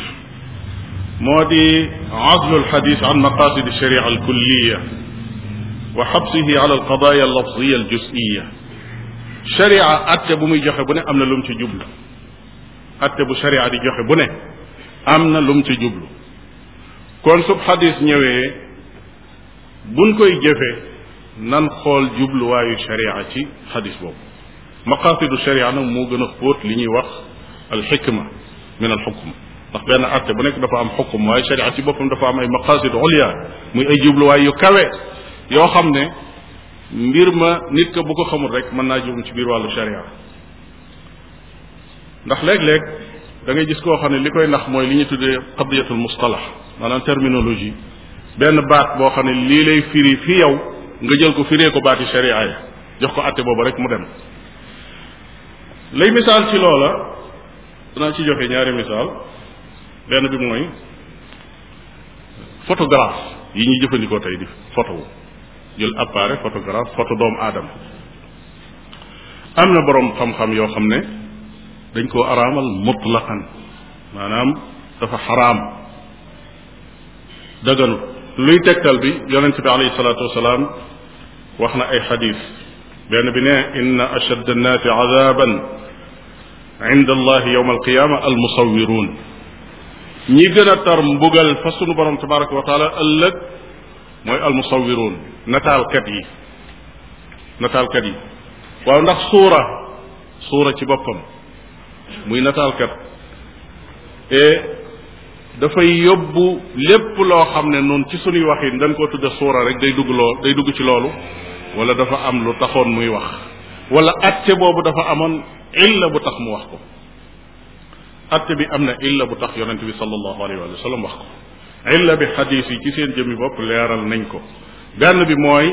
moo di azlu alxadis an maqasid alsharia alkulliya wa xabsihi ala alqadaya allafziya aljusiya sharia atte bu muy joxe bu ne am na lu mu ci jublu atte bu sharia di joxe bu ne am na lu mu ci jublu kon sub xadis ñëwee buñ koy jëfee nan xool jubluwaayu sharia ci xadis boobu maqaasidu sharia nag moo gën a xóot li ñuy wax al xikma min al xukm ndax benn atte bu nekk dafa am xukum waaye sharia ci boppam dafa am ay maqaasidu ulya muy ay jubluwaay yu kawe yoo xam ne mbir ma nit ka bu ko xamul rek mën naa jubum ci biir wàllu sharia ndax léeg-léeg da ngay koo xam ne li koy nax mooy li ñu tuddee qadiyatul mustalax maanaam terminologie benn baat boo xam ne lii lay firi fi yow nga jël ko firee ko baati sharia ya jox ko àtte boobu rek mu dem lay misaal ci loola danaa ci joxe ñaari misaal benn bi mooy photographe yi ñuy jëfandikoo tey di photo jël appareil photographe photo doomu aadama am na boroom xam-xam yoo xam ne dañ koo araamal mutlaqan maanaam dafa xaraam daganut luy tegtal bi yonent bi alayhi salaatu wasalaam wax na ay xadis benn bi ne inna ashadda annaasi azaban inda allahi yowma alqiyama almusawiruun ñi gën a tar mbugal fa sunu borom tabaraka wa taala ëllëg mooy almusawiruun nataalkat yi nataalkat yi waaw ndax suura suura ci boppam muy nataalkat et eh, dafay yóbbu lépp loo xam ne noonu ci sunuy waxin dañ koo tudde suura rek day dugg lool day dugg ci loolu wala dafa am lu taxoon muy wax wala atte boobu dafa amoon illa bu tax mu wax ko atte bi am na illa bu tax yonent bi sallallahu alayhi wa sallam wax ko illa bi xadiis yi ci seen jëmmi bopp leeral nañ ko benn bi mooy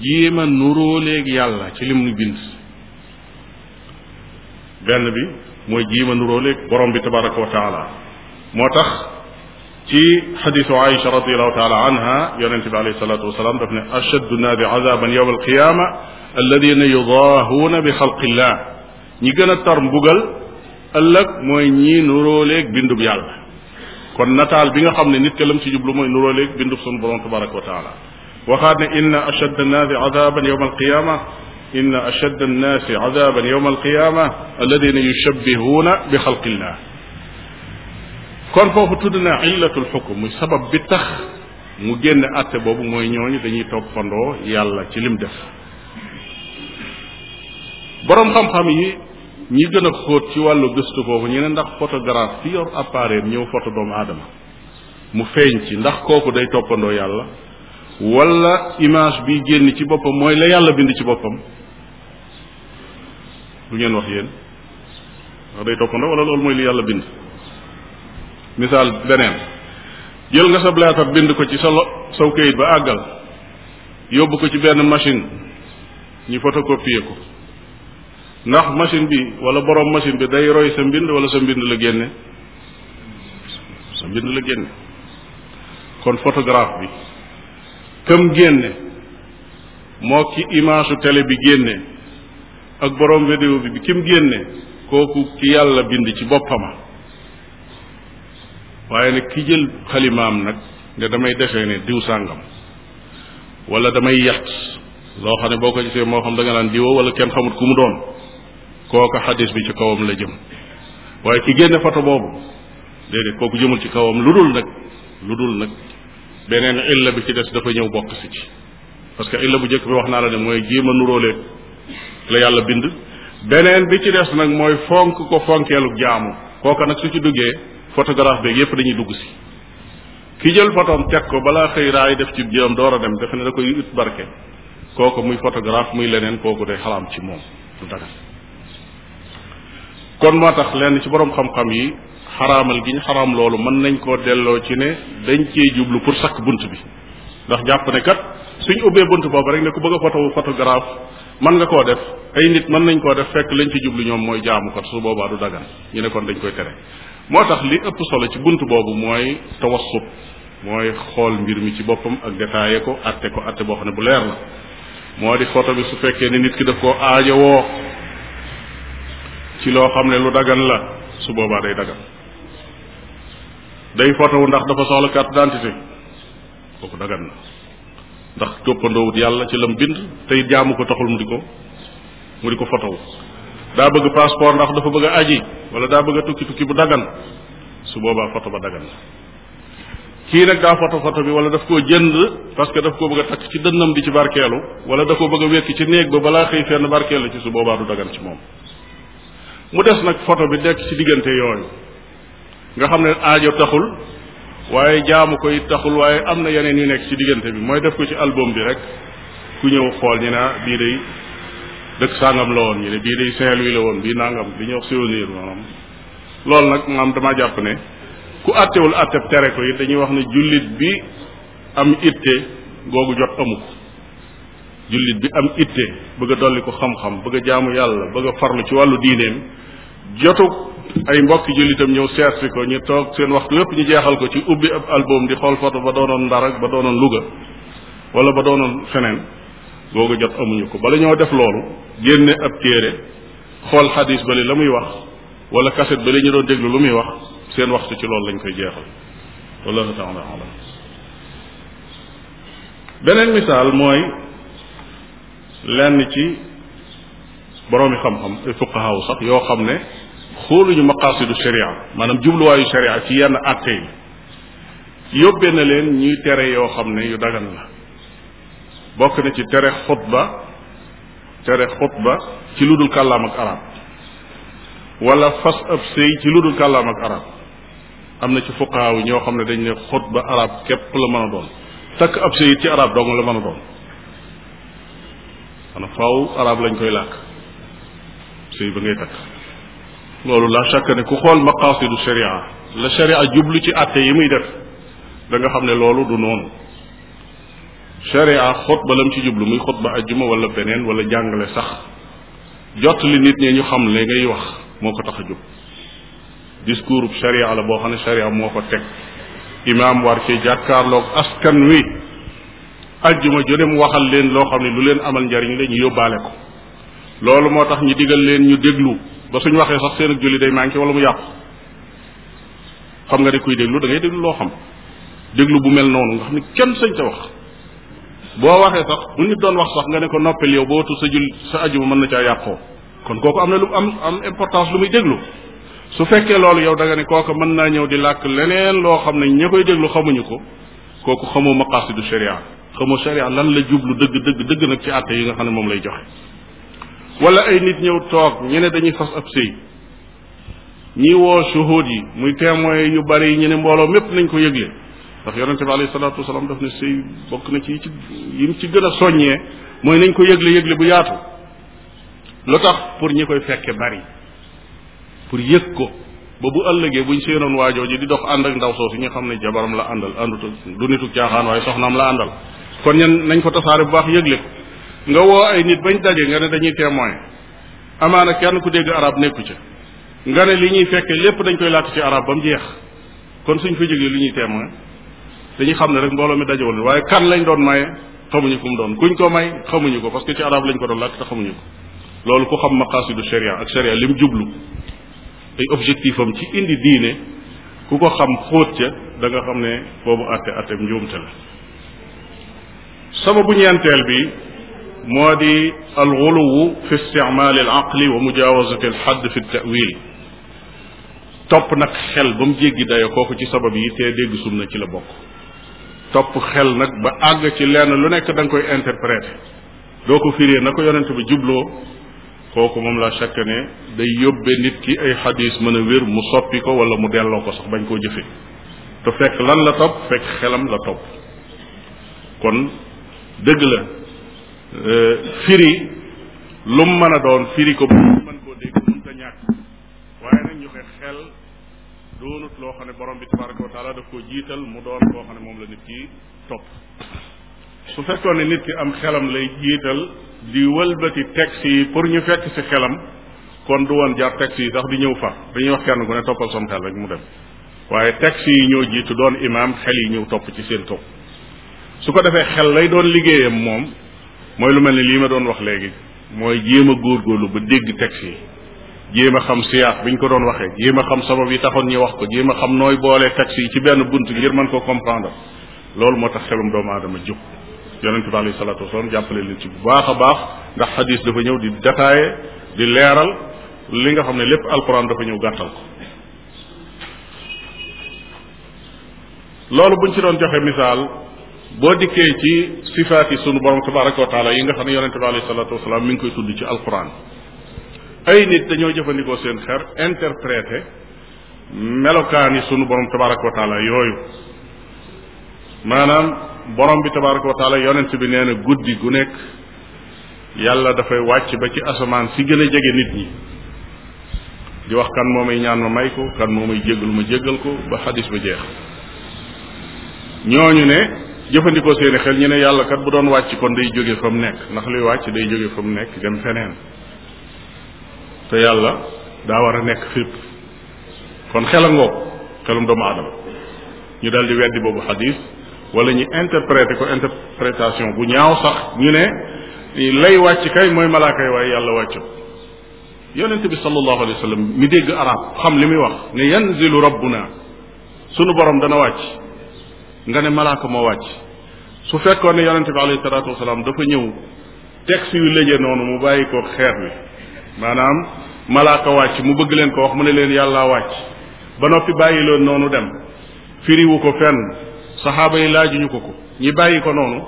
jéema nuroo léegi yàlla ci lim nu bind benn bi mooy jéema nuroo léegi borom bi tabaraka wa taala moo tax ci xadisu Aïcha radiallahu taala anha yonente bi alayhi salatu wasalaam daf ne ashaddu naasi azaban yowma alqiyama alladina yudaahuuna bi xalqillah ñi gën a tar mbugal ëllëg mooy ñii nuróoleeg bindub yàlla kon nataal bi nga xam ne nit ka lam ci jublu mooy nuróoleeg bindub sunu borom tabaraka wa taala waxaat ne inna ashadda annaasi azaban yowma alqiyama inna ashadda annaasi azaban yowma alqiyama alladina yushabbihuuna bi xalqillah kon foofu tudd na illatul xukm muy sabab bi tax mu génn àtte boobu mooy ñooñu dañuy toppandoo yàlla ci lim def boroom xam-xam yi ñi gën a xóot ci wàllu gëstu boobu ñu ne ndax photographe bi yor appareil ñëw photo doomu aadama mu feeñ ci ndax kooku day toppandoo yàlla wala image bi génn ci boppam mooy la yàlla bind ci boppam lu ngeen wax yéen ndax day toppandoo wala loolu mooy li yàlla bind misaal beneen jël nga sab leetar bind ko ci sa lo saw kayit ba àggal yóbbu ko ci benn machine ñu photocopier ko ndax machine bi walla boroom machine bi day roy sa mbind wala sa mbind la génne sa mbind la génne kon photographe bi këm génne moo ki image su bi génne ak boroom vidéo bi bi kim génne kooku ki yàlla bind ci boppama waaye nag ki jël xalimaam nag ne damay defee ne diw sàngam walla damay yat loo xam ne boo ko gisee moo xam da nga naan diwoo wala kenn xamut ku mu doon kooka xadis bi ci kawam la jëm waaye ki génne photo boobu déedéet kooku jëmul ci kawam lu dul nag lu dul nag beneen illa bi ci des dafa ñëw bokk si ci parce que illa bu njëkk bi wax naa la ne mooy jéem a nuróole la yàlla bind beneen bi ci des nag mooy fonk ko fonkeelu jaamu kooka nag su ci duggee photographe beeg yépp dañuy dugg si ki jël photom teg ko balaa xëy raay def ci jëm door a dem defe ne da koy barke kooku muy photographe muy leneen kooku de xalaam ci moom du dagan moo tax lenn ci boroom xam yi xaraamal gi ñu loolu mën nañ koo delloo ci ne dañ cee jublu pour sakk bunt bi ndax jàpp ne kat suñ bunt boobu rek ne ku bëgg a photo photographe mën nga koo def ay nit mën nañ koo def fekk lañ ci jublu ñoom mooy jaamu kat su boobaa du dagan ñu ne kon dañ koy tere moo tax li ëpp solo ci bunt boobu mooy tawassub mooy xool mbir mi ci boppam ak détaillé ko atte ko atte boo xam ne bu leer la moo di photo bi su fekkee ne nit ki daf koo aajowoo ci loo xam ne lu daggan la su boobaa day dagan day photo ndax dafa soxla carte d'identité kooku dagan na ndax toppandoowut yàlla ci lam bind tey jaamu ko taxul mu di ko mu di ko fotow daa bëgg passeport ndax dafa bëgg a aji wala daa bëgg a tukki tukki bu dagan su boobaa photo ba dagan kii nag daa photo photo bi wala daf koo jënd parce que daf koo bëgg a takk ci dënnam di ci barkeelu wala da koo bëgg a wekk ci néeg ba balaa xëy fenn barkeelu ci su boobaa du dagan ci moom mu des nag photo bi nekk ci diggante yooyu nga xam ne aajo taxul waaye jaamu koy taxul waaye am na yeneen yu nekk ci diggante bi mooy def ko ci album bi rek ku ñëw xool ñu ne ah dëkk sàngam la woon ñu ne bii day saint la woon bii nangam li ñuy wax souvenir maanaam loolu nag maam damaa jàpp ne ku àttewul àtteb tere ko it dañuy wax ne jullit bi am itte jot amu ko bi am itte bëgg a dolli ko xam-xam bëgg a jaamu yàlla bëgg a farlu ci wàllu diineem jotu ay mbokki jullitam ñëw seet si ko ñu toog seen waxtu yépp ñu jeexal ko ci ubbi ab album di xool photo ba doonoon Ndar ba doonoon Louga wala ba doonoon feneen googu jot amuñu ko bala ñoo def loolu génne ab téere xool xadis bali la muy wax wala kaset bali ñu doon déglu lu muy wax seen waxtu ci loolu lañ koy jeexal wallahu taala alam beneen misaal mooy lenn ci boroomi xam-xam fuqahaaw sax yoo xam ne xooluñu maqaasidu sharia maanaam jubluwaayu sharia ci yenn àtte yi yóbbee na leen ñuy tere yoo xam ne yu dagan la bokk na ci tere xutba tere xutba ci lu dul kàllaam ak arab wala fas ab sëy ci lu dul kàllaam ak arab am na ci fuqaaw ñoo xam ne dañ ne xutba arab képp la mën a doon takk ab sëy ci arab dong la mën a doon maanaam faaw arab lañ koy làkk sëy ba ngay takk loolu la chaque ne ku xool maqaasidu sharia la sharia jublu ci àtte yi muy def da xam ne loolu du noonu sharia xutba lam ci jublu muy xutba ajjuma wala beneen wala jàngale sax jot li nit ñi ñu xam li ngay wax moo ko tax a jub discours bu sharia la boo xam ne sharia moo ko teg imaam war ci jàkkaarloog askan wi ajjuma ju mu waxal leen loo xam ne lu leen amal njariñ la ñu yóbbaale ko loolu moo tax ñu digal leen ñu déglu ba suñ waxee sax seen ak julli day manqué wala mu yàqu xam nga ne kuy déglu da ngay déglu loo xam déglu bu mel noonu kenn sañ ta wax boo waxee sax bu nit doon wax sax nga ne ko noppil yow boo tu sa jul sa ajuma mën na caa yàqoo kon kooku am na lu am am importance lu muy déglu su fekkee loolu yow da nga ne kooku mën naa ñëw di làkk leneen loo xam ne ña koy déglu xamuñu ko kooku xamoo maqaasidu sharia xamoo sharia lan la jublu dëgg dëgg dëgg nag ci àtte yi nga xam ne moom lay joxe wala ay nit ñëw toog ñu dañuy fas ab sëy ñi woo shuhud yi muy témoin yu bari yi ñu ne mbooloo mépp nañ ko yëgle ndax yonente bi alayhi salaatu wasalaam daf ne sëy bokk na ci ci yim ci gën a soññee mooy nañ ko yëgle yëgle bu yaatu lu tax pour ñi koy fekke bari pour yëg ko ba bu ëllëgee buñ seenoon waajoo ji di dox ànd ak ndaw soosu ñu xam ne jabaram la àndal àndut du nitu caaxaan waaye soxnaam la àndal kon ñen nañ ko tasaare bu baax yëgle ko nga woo ay nit bañ daje nga ne dañuy témoin amaana kenn ku dégg arab nekku ca nga ne li ñuy fekke lépp dañ koy làkk ci arab ba mu jeex kon suñ fa jógee li ñuy témoin dañuy xam ne rek mbooloo mi dajewul waaye kan lañ doon maye xamuñu ku mu doon kuñ ko may xamuñu ko parce que ci arab lañ ko doon làkk te xamuñu ko loolu ku xam maqaasidu sharia ak sharia li mu jublu ay objectif am ci indi diine ku ko xam xóot ca da nga xam ne boobu atte atte njuumte la sababu ñeenteel bi moo di alxuluwu fi isticmaali al aqli wa mujaawazati al xadd fi tawil topp nag xel ba mu jéggi dayo kooku ci sabab yi te dégg na ci la bokk topp xel nag ba àgg ci lenn lu nekk da koy interpréter doo ko firee na ko yonent bi jubloo kooku moom la chaque ne day yóbbe nit ki ay xadis mën a wér mu soppi ko wala mu delloo ko sax bañ koo jëfe te fekk lan la topp fekk xelam la topp kon dëgg la euh, firi lu mu mën a doon firi ko doonut loo xam ne borom bi tabaraka wa taala daf koo jiital mu doon loo xam ne moom la nit ki topp su fekkoon ne nit ki am xelam lay jiital di wëlbati texte yi pour ñu fekk ci xelam kon du woon jar texte yi sax di ñëw fa dañuy wax kenn ku ne toppal som xel rek mu dem waaye texte yi ñoo jiitu doon imaam xel yi ñëw topp ci seen topp su ko defee xel lay doon liggéeyam moom mooy lu mel ni lii ma doon wax léegi mooy jéem a góorgóorlu ba dégg texte yi jéem a xam siyaax biñ ko doon waxee jéem a xam sabab yi taxoon ñu wax ko jéem a xam nooy boolee taxi yi ci benn bunt ngir man koo comprendre loolu moo tax xelum doomu aadama jóg yonente bi alayhi salatu wasalaam jàppale leen ci bu baax a baax ndax xadis dafa ñëw di détaillé di leeral li nga xam ne lépp alquran dafa ñëw gàttal ko loolu buñ ci doon joxe misaal boo dikkee ci sifaat sunu borom tabaraka wa taala yi nga xam ne yonente bi alayhi salatu wasalaam mi koy tudd ci alquran ay nit dañoo jëfandikoo seen xer interpréter melokaani sunu borom tabaraka wa yooyu maanaam borom bi tabaraka wa taala yonent bi nee guddi gu nekk yàlla dafay wàcc ba ci asamaan si gën a jege nit ñi di wax kan moomay ñaan ma may ko kan moomay jéggalu ma jéggal ko ba xadis ba jeex ñooñu ne jëfandikoo seeni xel ñu ne yàlla kat bu doon wàcc kon day jóge fa mu nekk ndax luy wàcc day jóge fa mu nekk dem feneen te yàlla daa war a nekk fépp kon xel a xelum doomu aadama ñu daal di weddi boobu xadis wala ñu interpréter ko interprétation bu ñaaw sax ñu ne lay wàcc kay mooy malaaka yi waaye yàlla wàccu yonente bi sallallahu alayhi wa sallam dégg arab xam li muy wax ne yanzilu rabbuna sunu borom dana wàcc nga ne malaaka moo wàcc su fekkoon ne yonente bi alayhi salaatu wasalaam dafa ñëw texte yu léje noonu mu bàyyi ko xeer wi maanaam malaaka wàcc mu bëgg leen ko wax mu ne leen yàllaa wàcc ba noppi bàyyi leen noonu dem firiwu ko fenn saxaaba yi laajuñu ko ko ñi bàyyi ko noonu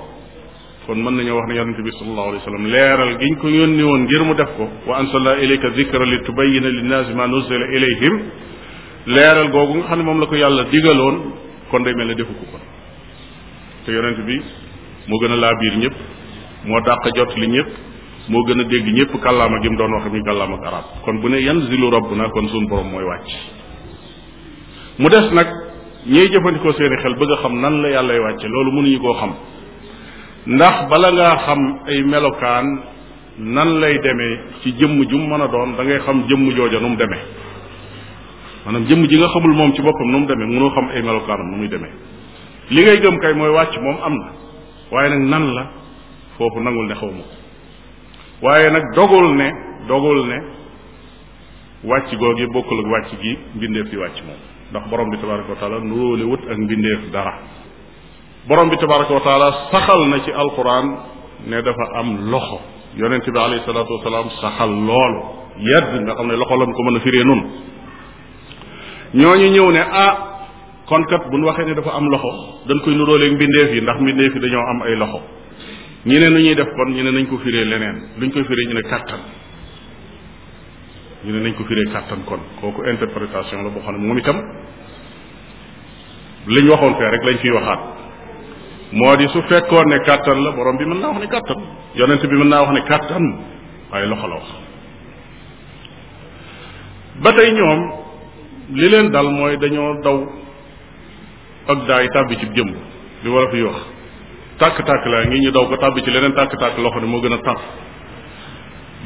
kon mën nañoo wax ne yonente bi sallallahu alayhi wa sallam leeral giñ ko yónni woon ngir mu def ko wa anzalna ilayka dikra li tubayina linnaasi ma nuzila ilayhim leeral googu nga xam ne moom la ko yàlla digaloon kon day mel ne defu ko kon te yonente bi moo gën a laa biir ñépp moo dàq jot li ñëpp moo gën a dégg ñëpp kàllaama gi mu doon wax mi kàllaama ak arab kon bu ne yan zilu robb na kon suñu borom mooy wàcc mu des nag ñiy jëfandikoo seeni xel bëgg a xam nan la yàllay wàcce loolu mënuñu koo xam ndax bala ngaa xam ay melokaan nan lay demee ci jëmm jum mën a doon da ngay xam jëmm jooja nu mu demee maanaam jëmm ji nga xamul moom ci boppam nu mu demee mënoo xam ay melokaanam nu muy demee li ngay gëm kay mooy wàcc moom am na waaye nag nan la foofu nangul ne xaw ma waaye nag dogul ne dogul ne wàcc googi bokk ak wàcc gi mbindeef di wàcc moom ndax borom bi tabaraka wa taala nuróole wut ak mbindeef dara borom bi tabaraka wa taala saxal na ci alquran ne dafa am loxo yonente bi alayhi salaatu wasalaam saxal loolu yedd nga xam ne loxo lan ko mën a firee nun ñu ñëw ne ah kon bu nu waxee ne dafa am loxo dañ koy nuróoleeg mbindeef yi ndax mbindeef yi dañoo am ay loxo ñu ne nu ñuy def kon ñu ne nañ ko firee leneen luñ koy firee ñu ne kàttan ñu ne nañ ko firee kàttan kon kooku interprétation la boo xam ne moom itam liñ waxoon fee rek lañ fiy waxaat moo di su fekkoon ne kàttan la borom bi mën naa wax ne kàttan yonent bi mën naa wax ne kàttan waaye loxo la wax ba tey ñoom li leen dal mooy dañoo daw ak daay tàbbi ci jëmm li wala fi wax tàkk-tàkk laa ngi ñu daw ba tàbbi ci leneen tàkk-tàkk loxo ne moo gën a tar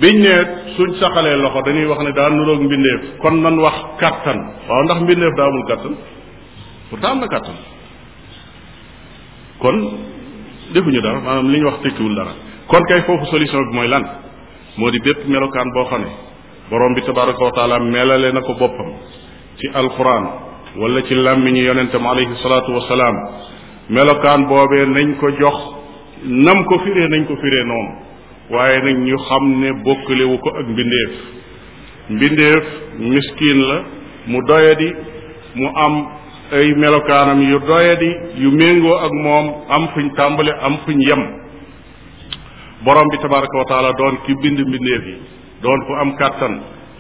biñ ne suñ saxalee loxo dañuy wax ne daa nuroog mbindeef kon nan wax kàttan waaw ndax mbindeef daa amul kàttan pourtant am na kàttan kon defuñu dara maanaam li ñu wax tekkiwul dara kon kay foofu solution bi mooy lan moo di bépp melokaan boo xam ne borom bi tabaraka wa taala melale na ko boppam ci alquran walla ci làmmiñu yonentam alayhi salaatu wasalaam melokaan boobee nañ ko jox nam ko firee nañ ko firee noonu waaye nañ ñu xam ne bokkalewu ko ak mbindeef mbindeef miskiin la mu doyadi mu am ay melokaanam yu doyadi yu méngoo ak moom am fuñ tàmbale am ñu yem borom bi tabaraka wa doon ki bind mbindeef yi doon ku am kàttan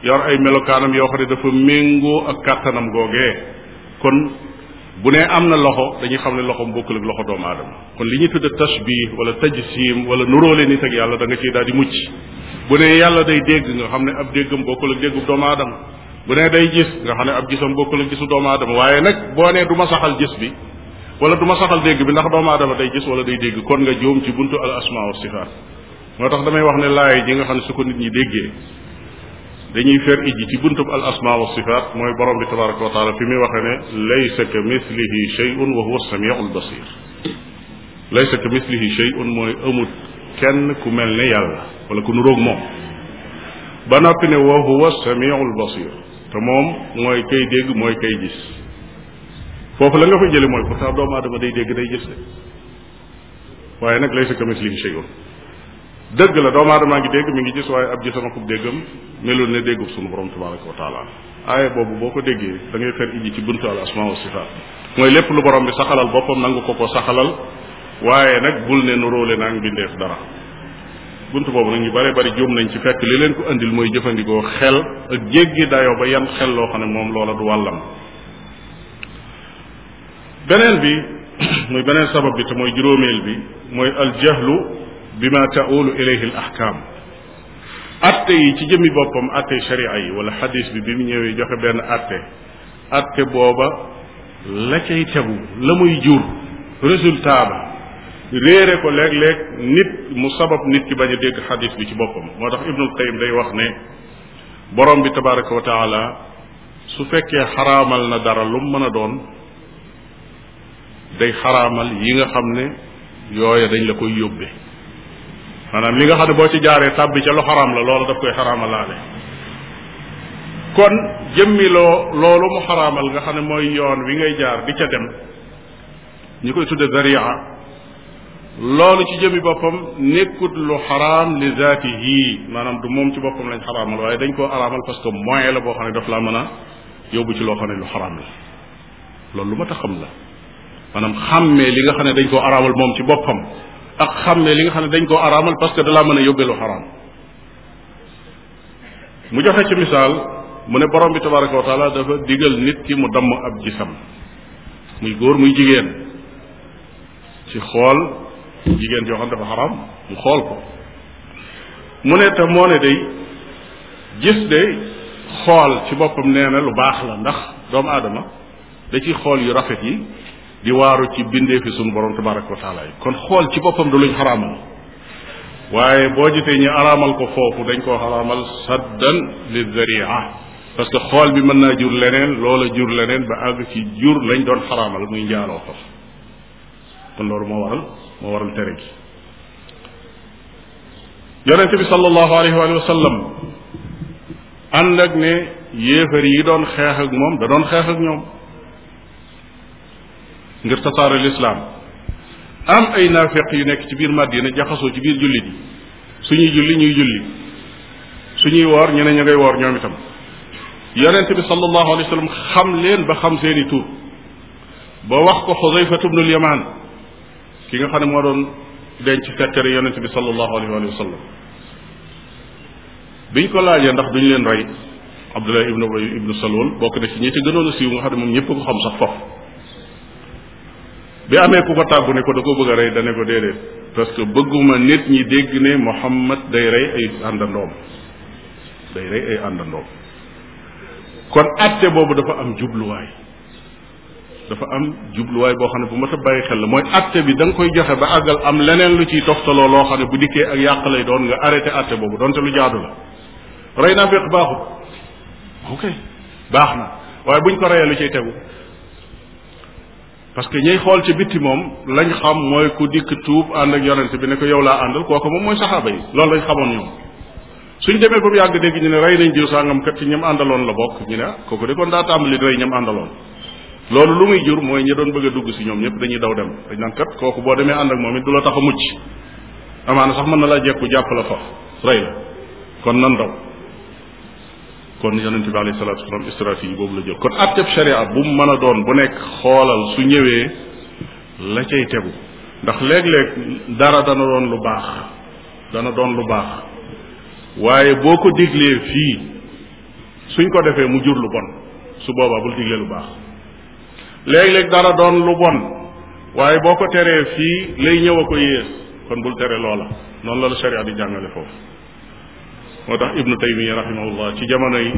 yor ay melokaanam yoo xam ne dafa méngoo ak kàttanam googee kon bu nee am na loxo dañuy xam ne loxoom bokkul ak loxo doomu aadama kon li ñuy tudd tashbih wala tajsim wala nuróole nit teg yàlla da nga ciy daal di mucc bu nee yàlla day dégg nga xam ne ab déggam bokkul ak déggu doomu aadama bu nee day gis nga xam ne ab gisam bokkul la gisu doomu aadama waaye nag boo nee du saxal gis bi wala duma ma saxal dégg bi ndax doomu aadama day gis wala day dégg kon nga jóom ci buntu al asma wa sifaat moo tax damay wax ne laay ji nga xam ne su ko nit ñi déggee dañuy fer ijji ci buntub al asma wa sifaat mooy borom bi tabaraka wa taala fi muy waxee ne laysa ka mislihi shay'un wa huwa samiul basir laysa ka mislihi shay'un mooy amut kenn ku mel ne yàlla wala ku nuróog moom ba noppi ne wa huwa samiul basir te moom mooy kay dégg mooy kay gis foofu la nga fay jële mooy pourtant doomu aadama day dégg day gis de waaye nag laysa ka mislihi shay'un dëgg la doomu aadama ngi dégg mi ngi gis waaye ab gisam akub déggam melul ne déggub sunu borom tabaraka wa taala aaya boobu boo ko déggee da ngay fer ci buntu al asma wa sifaat mooy lépp lu borom bi saxalal boppam nangu ko ko saxalal waaye nag bul ne nuróole naa ngi mbindeef dara bunt boobu nag ñu bare bari juum nañ ci fekk li leen ko indil mooy jëfandikoo xel ak jéggi dayoo ba yan xel loo xam ne moom loola du wàllam beneen bi muy beneen sabab bi te mooy juróomeel bi mooy aljahlu bima taulu ilayhi al atte yi ci jëmmi boppam atte sharia yi wala xadis bi bi mu ñëwee joxe benn atte atte booba la cay tegu la muy jur résultat ba réere ko léeg-léeg nit mu sabab nit ki ba a dégg xadis bi ci boppam moo tax ibnul qayim day wax ne borom bi tabaraka wa taala su fekkee xaraamal na dara lu mu mën a doon day xaraamal yi nga xam ne yooya dañ la koy yóbbe maanaam li nga xam ne boo ci jaaree tàbbi ca lu xaraam la loolu daf koy xaraamalaale kon jëmmi loo loolu mu xaraamal nga xam ne mooy yoon wi ngay jaar di ca dem ñu koy tudde zaria loolu ci jëmmi boppam nekkut lu xaraam li zaatihi maanaam du moom ci boppam lañ xaraamal waaye dañ koo araamal parce que la boo xam ne daf laa mën a yóbbu ci loo xam ne lu xaraam la loolu lu ma tax xam la maanaam xàmmee li nga xam ne dañ koo araamal moom ci boppam ak xàmmee li nga xam ne dañ koo araamal parce que dalaa mën a yóbbelu xaraam mu joxe ci misaal mu ne borom bi tabaraka wa taala dafa digal nit ki mu damm ab gisam muy góor muy jigéen ci xool jigéen joo xam dafa xaraam mu xool ko mu ne te moo ne day gis de xool ci boppam nee lu baax la ndax doomu aadama da ci xool yu rafet yi di waaru ci bindee fi suñu borom tabaraka wa taala kon xool ci boppam du luñ xaraamal waaye boo jitee ñu araamal ko foofu dañ koo xaraamal saddan li zaria parce que xool bi mën naa jur leneen loola jur leneen ba àgg ci jur lañ doon xaraamal muy njaaloo ko kon loolu moo waral moo waral tere gi yonente bi sallallahu alayhi wa sallam ànd ak ne yéefar yi doon xeex ak moom da doon xeex ak ñoom ngir tasaare lislaam am ay naafeq yu nekk ci biir Madina jaxasoo ci biir jullit yi suñuy julli ñuy julli ñuy woor ñu ne ñu ngay woor ñoom itam yonent bi sallallahu alayhi wa xam leen ba xam seeni tur ba wax ko Xudayfatu bnul Yamaan ki nga xam ne moo doon denc fekkere yonent bi sallallahu alayhi wa sallam biñ ko laajee ndax duñ leen rey Abdullah ibnu Ubay ibnu Salul bokk na ci ñi gënoon a siiw nga xam ne moom ñëpp ko xam sax foofu bi amee ku ko tàggu ne ko da ko bëgg a rey dana ko déedéet parce que bëgguma nit ñi dégg ne Muhammad day rey ay àndandoom day rey ay àndandoom kon atte boobu dafa am jubluwaay dafa am jubluwaay boo xam ne bu mat a bàyyi xel la mooy atte bi da nga koy joxe ba àggal am leneen lu ciy toftaloo loo xam ne bu dikkee ak yàq lay doon nga arrêté atte boobu donte lu jaadu la rey naa béq baaxut ok baax na waaye buñ ko reyee lu ciy tegu parce que ñay xool ci bitti moom lañ xam mooy ku dikk tuub ànd ak yonente bi ne ko yow laa àndal kooku moom mooy saxaaba yi loolu lañ xamoon ñoom suñ demee ba mu yàgg dégg ñu ne rey nañ diw sàngam kat ci ñam àndaloon la bokk ñu ne ah kooku de kon daa tàmbali rey ñam àndaloon loolu lu muy jur mooy ñi doon bëgg a dugg si ñoom ñëpp dañuy daw dem dañ naan kat kooku boo demee ànd ak moom it du la tax a mucc amaana sax mën na laa jekku jàpp la fa rey la kon kon yonente bi alayhi salatu wasalaam stratégie boobu la jël kon atteb sharia bu mu mën a doon bu nekk xoolal su ñëwee la cay tegu ndax léeg-léeg dara doon lu baax dana doon lu baax waaye boo ko diglee fii suñ ko defee mu jur lu bon su boobaa bul lu baax léeg-léeg dara doon lu bon waaye boo ko teree fii lay ñëw a ko yées kon bul tere loola noonu la la sharia di jàngale foofu moo tax ibnu taymiya rahimahullah ci jamono yi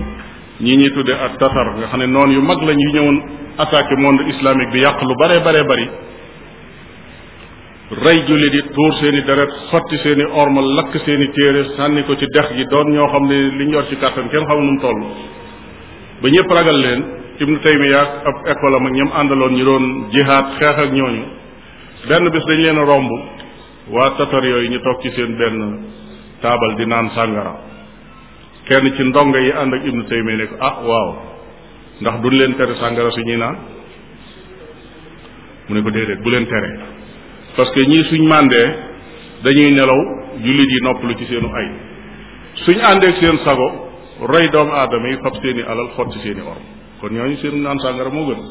ñi ñuy tudde ak tatar nga xam ne noon yu mag lañ yu ñëwoon attaqué monde islamique bi yàq lu bare bare bari rey jullit yi tuur seen i deret sotti seeni i orma lakk seen i téere sànni ko ci dex gi doon ñoo xam ne li ñu ci kàttan kenn xamul nu mu ba ñëpp ragal leen ibnu taymiya ab école am ak ñam àndaloon ñu doon jihaad xeex ak ñooñu benn bis dañ leen a romb waa tatar yooyu ñu toog ci seen benn taabal di naan sàngara kenn ci ndongo yi ànd ak ibnu taymiya ne ko ah waaw ndax duñ leen tere sàngara suñuy naan mu ne ko déedéet bu leen tere parce que ñii suñ màndee dañuy nelaw jullit yi nopp lu ci seenu ay suñ àndeek seen sago roy doomu aadama yi fab seeni alal xotti seeni or kon ñooñu seen naan sàngara moo gën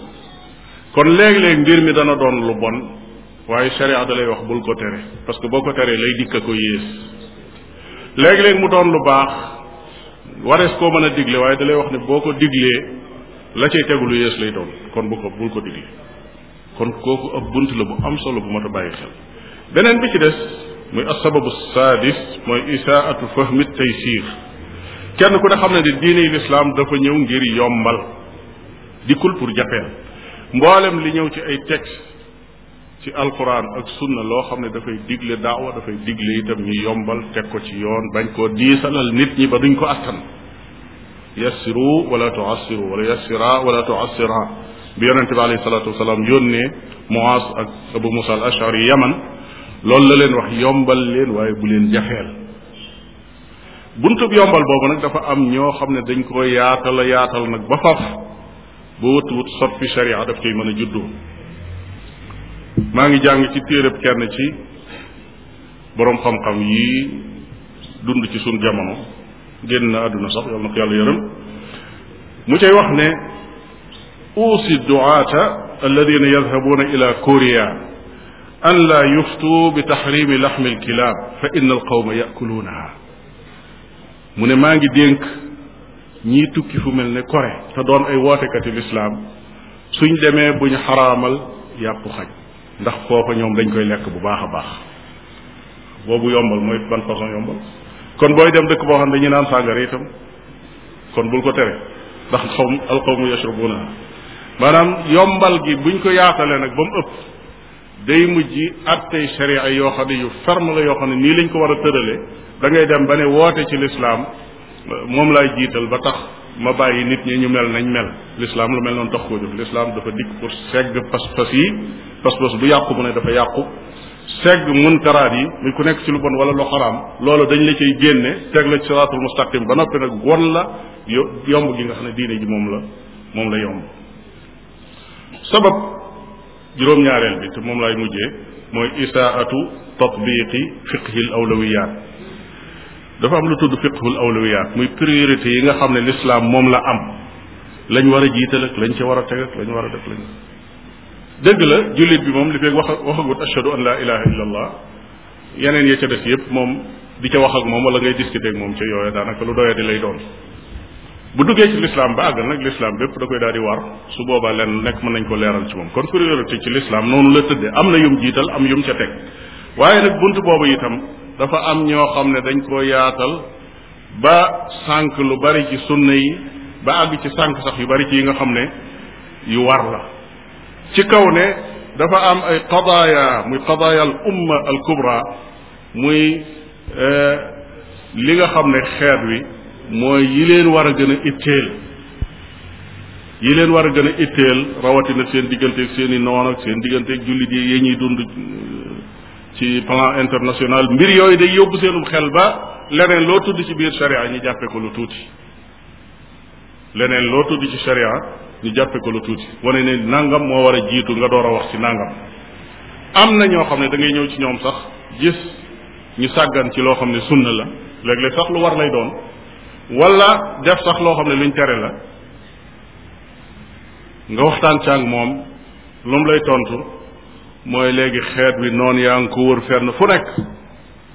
kon léeg-léeg mbir mi dana doon lu bon waaye sharia da lay wax bul ko tere parce que boo ko teree lay dikk a ko yées léeg-léeg mu doon lu baax warees koo mën a digle waaye da wax ne boo ko diglee la cay tegu lu yées lay doon kon bu ko bul ko digle kon kooku ab bunt la bu am solo bu mat a bàyyi xel beneen bi ci des muy asababu saadis mooy isaatu tey taysir kenn ku ne xam ne di diine lislaam dafa ñëw ngir yombal dikkul pour jafeel mboolem li ñëw ci ay texte ci alquran ak sunna loo xam ne dafay digle daawa dafay digle itam ñu yombal teg ko ci yoon bañ koo diisalal nit ñi ba duñ ko attan yassiru wala tuassiru wala yassira wala tuassira bi yonente bi alayhi salatu wasalaam yónnee Muaz ak Abu Musa al Ashari yaman loolu la leen wax yombal leen waaye bu leen jafeel buntub yombal boobu nag dafa am ñoo xam ne dañ ko yaatal a nag ba faf ba wut wut soppi sharia daf koy mën a juddoo maa ngi jàng ci téereb kenn ci boroom xam-xam yi dund ci suñ jamono génn na àdduna sax yàlla na yàlla yërëm mu cay wax ne uusi duaata alladina yadhabuna ila korea an la yuftu bi taxrimi laxmi alkilaab fa inna alqawma yakuluunaha mu ne maa ngi dénk ñii tukki fu mel ne Corée te doon ay wootekati lislaam suñ demee bu ñu xaraamal yàpp xaj ndax foofa ñoom dañ koy lekk bu baax a baax boobu yombal mooy ban façon yombal kon booy dem dëkk boo xam ne dañuy naan sàngara itam kon bul ko tere ndax xawm alqawmu yashrabuna maanaam yombal gi buñ ko yaatalee nag ba mu ëpp day mujj attey sharia yoo xam ne yu ferme la yoo xam ne nii lañ ko war a tëralee da ngay dem ba ne woote ci lislaam moom laay jiital ba tax ma bàyyi nit ñi ñu mel nañ mel lislaam lu mel noonu tax koo jóg lislaam dafa dikk pour segg pas-pas yi pas-pas bu yàqu mu ne dafa yàqu segg munkaraat yi muy ku nekk ci lu bon wala lu xaraam loolu dañ la cay génne teg la ci siraatul mustaqim ba noppi nag won la yomb gi nga xam ne diine ji moom la moom la yomb sabab juróom-ñaareel bi te moom laay mujjee mooy isaatu tatbiqi fiqhi al dafa am lu tudd fiqhul awlawiyaat muy priorité yi nga xam ne lislaam moom la am lañ war a jiital ak lañ ca war a teg ak lañ war a def lañ dëgg la jullit bi moom li feeg wax waxagut ashhadu an la ilaha illa allah yeneen ya ca des yépp moom di ca wax ak moom wala ngay discuter ak moom ca yooya daanaka lu doyadi lay doon bu duggee ci l'islam ba àgg nag l'islam bépp da koy daal di war su boobaa lenn nekk mën nañ ko leeral ci moom kon priorité ci l'islam noonu la tëddee am na yum jiital am yum ca waaye nag bunt boobu itam dafa am ñoo xam ne dañ koo yaatal ba sànq lu bari ci sunna yi ba àgg ci sànq sax yu bari ci yi nga xam ne yu war la ci kaw ne dafa am ay qadaaya muy qadaaya al umma al kubra muy e, li nga xam ne xeet wi mooy yi leen war a gën a itteel yi leen war a gën a itteel rawatina seen digganteeg seen i noon ak seen digganteeg jullit yi yi ñuy dund ci plan international mbir yooyu day yóbbu seenum xel ba leneen loo tudd ci biir sharia ñu jàppe ko lu tuuti leneen loo tudd ci sharia ñu jàppe ko lu tuuti wane ne nangam moo war a jiitu nga door a wax ci nangam am na ñoo xam ne dangay ñëw ci ñoom sax gis ñu sàggan ci loo xam ne sunna la léeg-léeg sax lu war lay doon wala def sax loo xam ne luñ tere la nga waxtaan càng moom lu mu lay tontu mooy léegi xeet wi noonu yaa ngi ko wër fenn fu nekk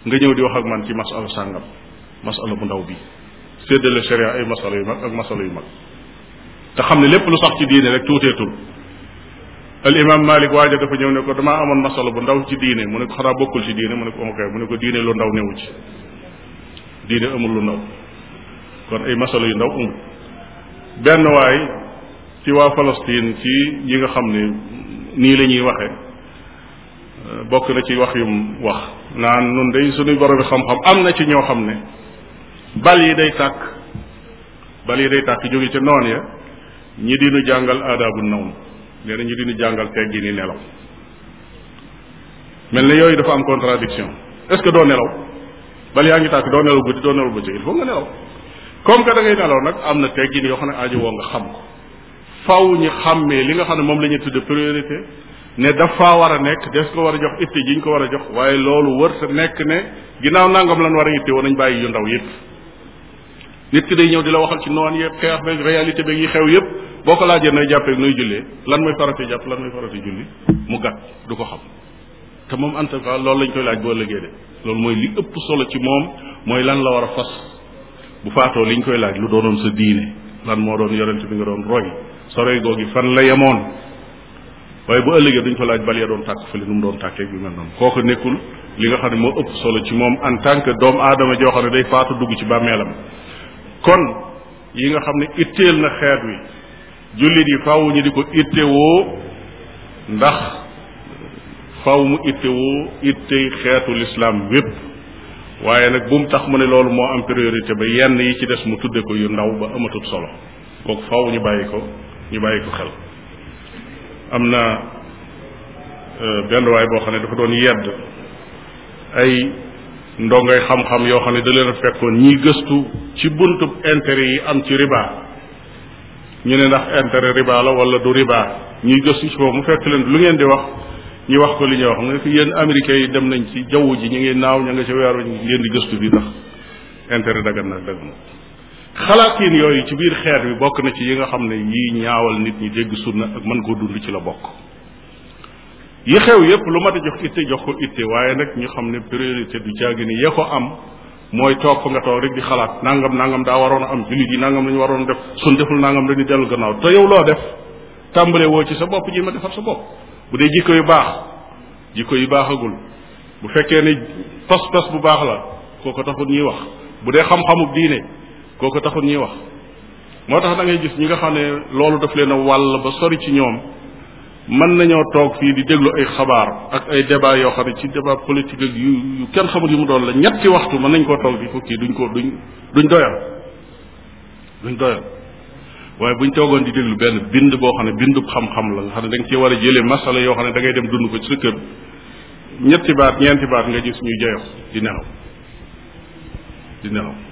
nga ñëw di wax ak man ci masala sàngam masala bu ndaw bi séddale sharia ay masala yu mag ak masala yu mag te xam ne lépp lu sax ci diine rek tuuteetul al imam malik waaja dafa ñëw ne ko damaa amoon masala bu ndaw ci diine mu ne ko xanaa bokkul ci diine mu ne ko ok mu ne ko diine lu ndaw newu ci diine amul lu ndaw kon ay masala yu ndaw amul benn waay ci waa Palestine ci ñi nga xam ne nii la ñuy waxee bokk na ci wax yum wax naan nun day suñuy boromi xam-xam am na ci ñoo xam ne bal yi day tàkk bal yi day tàkk jóge ca noon ya ñi dinu jàngal aadaabu nawm nee na ñi dinu jàngal teggi ni nelaw mel na yooyu dafa am contradiction est-ce que doo nelaw bal yaa ngi tàkk doo nelaw guddi doo nelaw bëccëg il faut nga nelaw comme que da ngay nelaw nag am na teggin yoo xam ne aajo woo nga xam ko faw ñu xàmmee li nga xam ne moom la ñuy tudde priorité ne dafa war a nekk des ko war a jox itte ji ñu ko war a jox waaye loolu wër sa nekk ne ginnaaw nangam lan war a itte woon nañ bàyyi yu ndaw yëpp nit ki day ñëw di la waxal ci noonu yëpp xeex beeg réalité beeg yi xew yëpp boo ko laajee nooy jàppeeg nooy jullee lan mooy farati jàpp lan mooy farati julli mu gàtt du ko xam te moom en tout cas loolu lañ koy laaj boo ëllëgee de loolu mooy li ëpp solo ci moom mooy lan la war a fas bu faatoo liñ koy laaj lu doonoon sa diine lan moo doon yonent bi nga doon roy sa roy googi fan la yemoon waaye bu ëllëgee duñ ko laaj bal ya doon tàkk fële nu mu doon tàkkee bi mel noonu kooku nekkul li nga xam ne moo ëpp solo ci moom en tant que doomu aadama joo xam ne day faatu dugg ci bàmmeelam kon yi nga xam ne itteel na xeet wi jullit yi faaw ñu di ko ittewoo ndax faaw mu ittewoo ittey xeetu lislaam wépp waaye nag bu tax mu ne loolu moo am priorité ba yenn yi ci des mu tudde ko yu ndaw ba amatul solo kooku faw ñu bàyyi ko ñu bàyyi ko xel am na euh, benn waay boo xam ne dafa doon yedd ay ndongay xam-xam yoo xam ne da leen a fekkoon ñiy gëstu ci buntub intérêt yi am ci riba ñu ne ndax intérêt riba la wala du riba ñuy gëstu ci boobu mu fekk leen lu ngeen di wax ñu wax ko li ñuy wax mu ne ko yéen américains yi dem nañ ci jaww ji ñu ngi naaw ña nga ca weer wi ngeen di gëstu bi ndax intérêt dagan nag dagan xalaat xalaatiin yooyu ci biir xeet bi bokk na ci yi nga xam ne yii ñaawal nit ñi dégg sunna ak mën koo dund ci la bokk yi xew yépp lu mat a jox itte jox ko itte waaye nag ñu xam ne priorité du caagi ni ko am mooy toog nga toog rek di xalaat nangam nangam daa waroon a am jullit yi nangam lañu waroon a def sun deful nangam dañu dellu gannaaw te yow loo def tàmbale woo ci sa bopp ji ma defar sa bopp bu dee jikko yu baax jikko yi baaxagul bu fekkee ne pas-pas bu baax la kooko ko ñuy wax bu dee xam-xamu kooku taxul ñuy wax moo tax dangay gis ñi nga xam ne loolu daf leen a wàll ba sori ci ñoom mën nañoo toog fii di déglu ay xabaar ak ay débat yoo xam ne ci débat politique ak yu yu kenn xamul yu mu doon la ñetti waxtu mën nañ koo toog di ko kii duñ ko duñ duñ doyal duñ doyal waaye buñ toogoon di déglu benn bind boo xam ne bindu xam-xam la nga xam ne da nga cee war a jëlee masala yoo xam ne dangay dem dund ko ci sa kër ñetti baat ñeenti baat nga gis ñuy joyox di nelaw di nelaw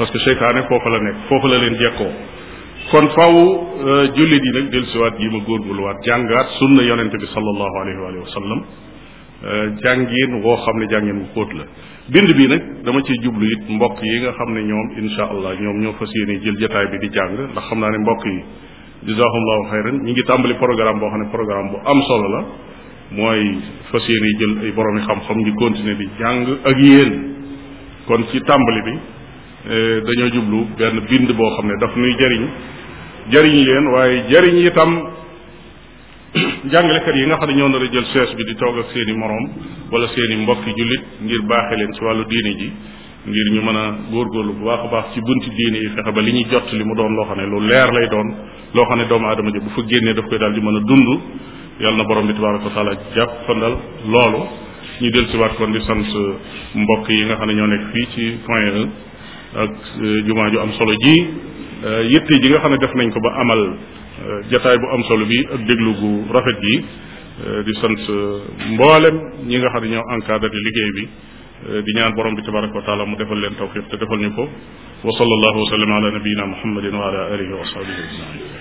parce que seytaane foofa la nekk foofa la leen jekkoo kon faw euh, jullit yi nag dellusiwaat ji ma góor góorgóorluwaat jàngaat sunna yonente bi sallallahu alayhi wa sallam euh, jàngin woo xam ne jàngin wu xóot la bind bi nag dama ciy jublu it mbokk yi nga xam ne ñoom insha allah ñoom ñoo fas yéene jël jataay bi di jàng ndax xam naa ne mbokk yi jazakumullahu xayran ñi ngi tàmbali programme boo xam ne programme bu am solo la mooy fas yéene jël ay boroomi xam-xam ñu continuer jàng ak kon ci tàmbali bi Eh, dañoo jublu benn bind boo xam ne dafa muy jariñ jariñ leen waaye jariñ itam jàngalekat yi nga xam ne ñoo nar jël chaise bi di toog ak seen i moroom wala seen mbokk mbokki jullit ngir baaxe leen ci wàllu diine ji ngir ñu mën a góorgóorlu bu baax a baax ci bunti diine yi fexe ba li ñuy jot li mu doon loo xam ne lu leer lay doon loo xam ne doomu aadama ji bu fa génnee daf koy daal di mën a dund yàlla na borom bi tabaraka wa jàpp jàppandal loolu ñu del si waat kon di mbokk yi nga xam ne ñoo nekk fii ci point 1 ak euh, jumaa ju am solo ji euh, yitte ji nga xam ne def nañ ko ba amal euh, jataay bu am solo bi ak déglu gu rafet gi di sant mboolem ñi nga xam ne ñoo encadré liggéey bi di ñaan borom bi tabaraka wa taala mu defal leen tawfiq te defal ñu ko wa sallallahu wa sallam ala nabiyina muhammadin wa ala alihi wa ashabihi ajmain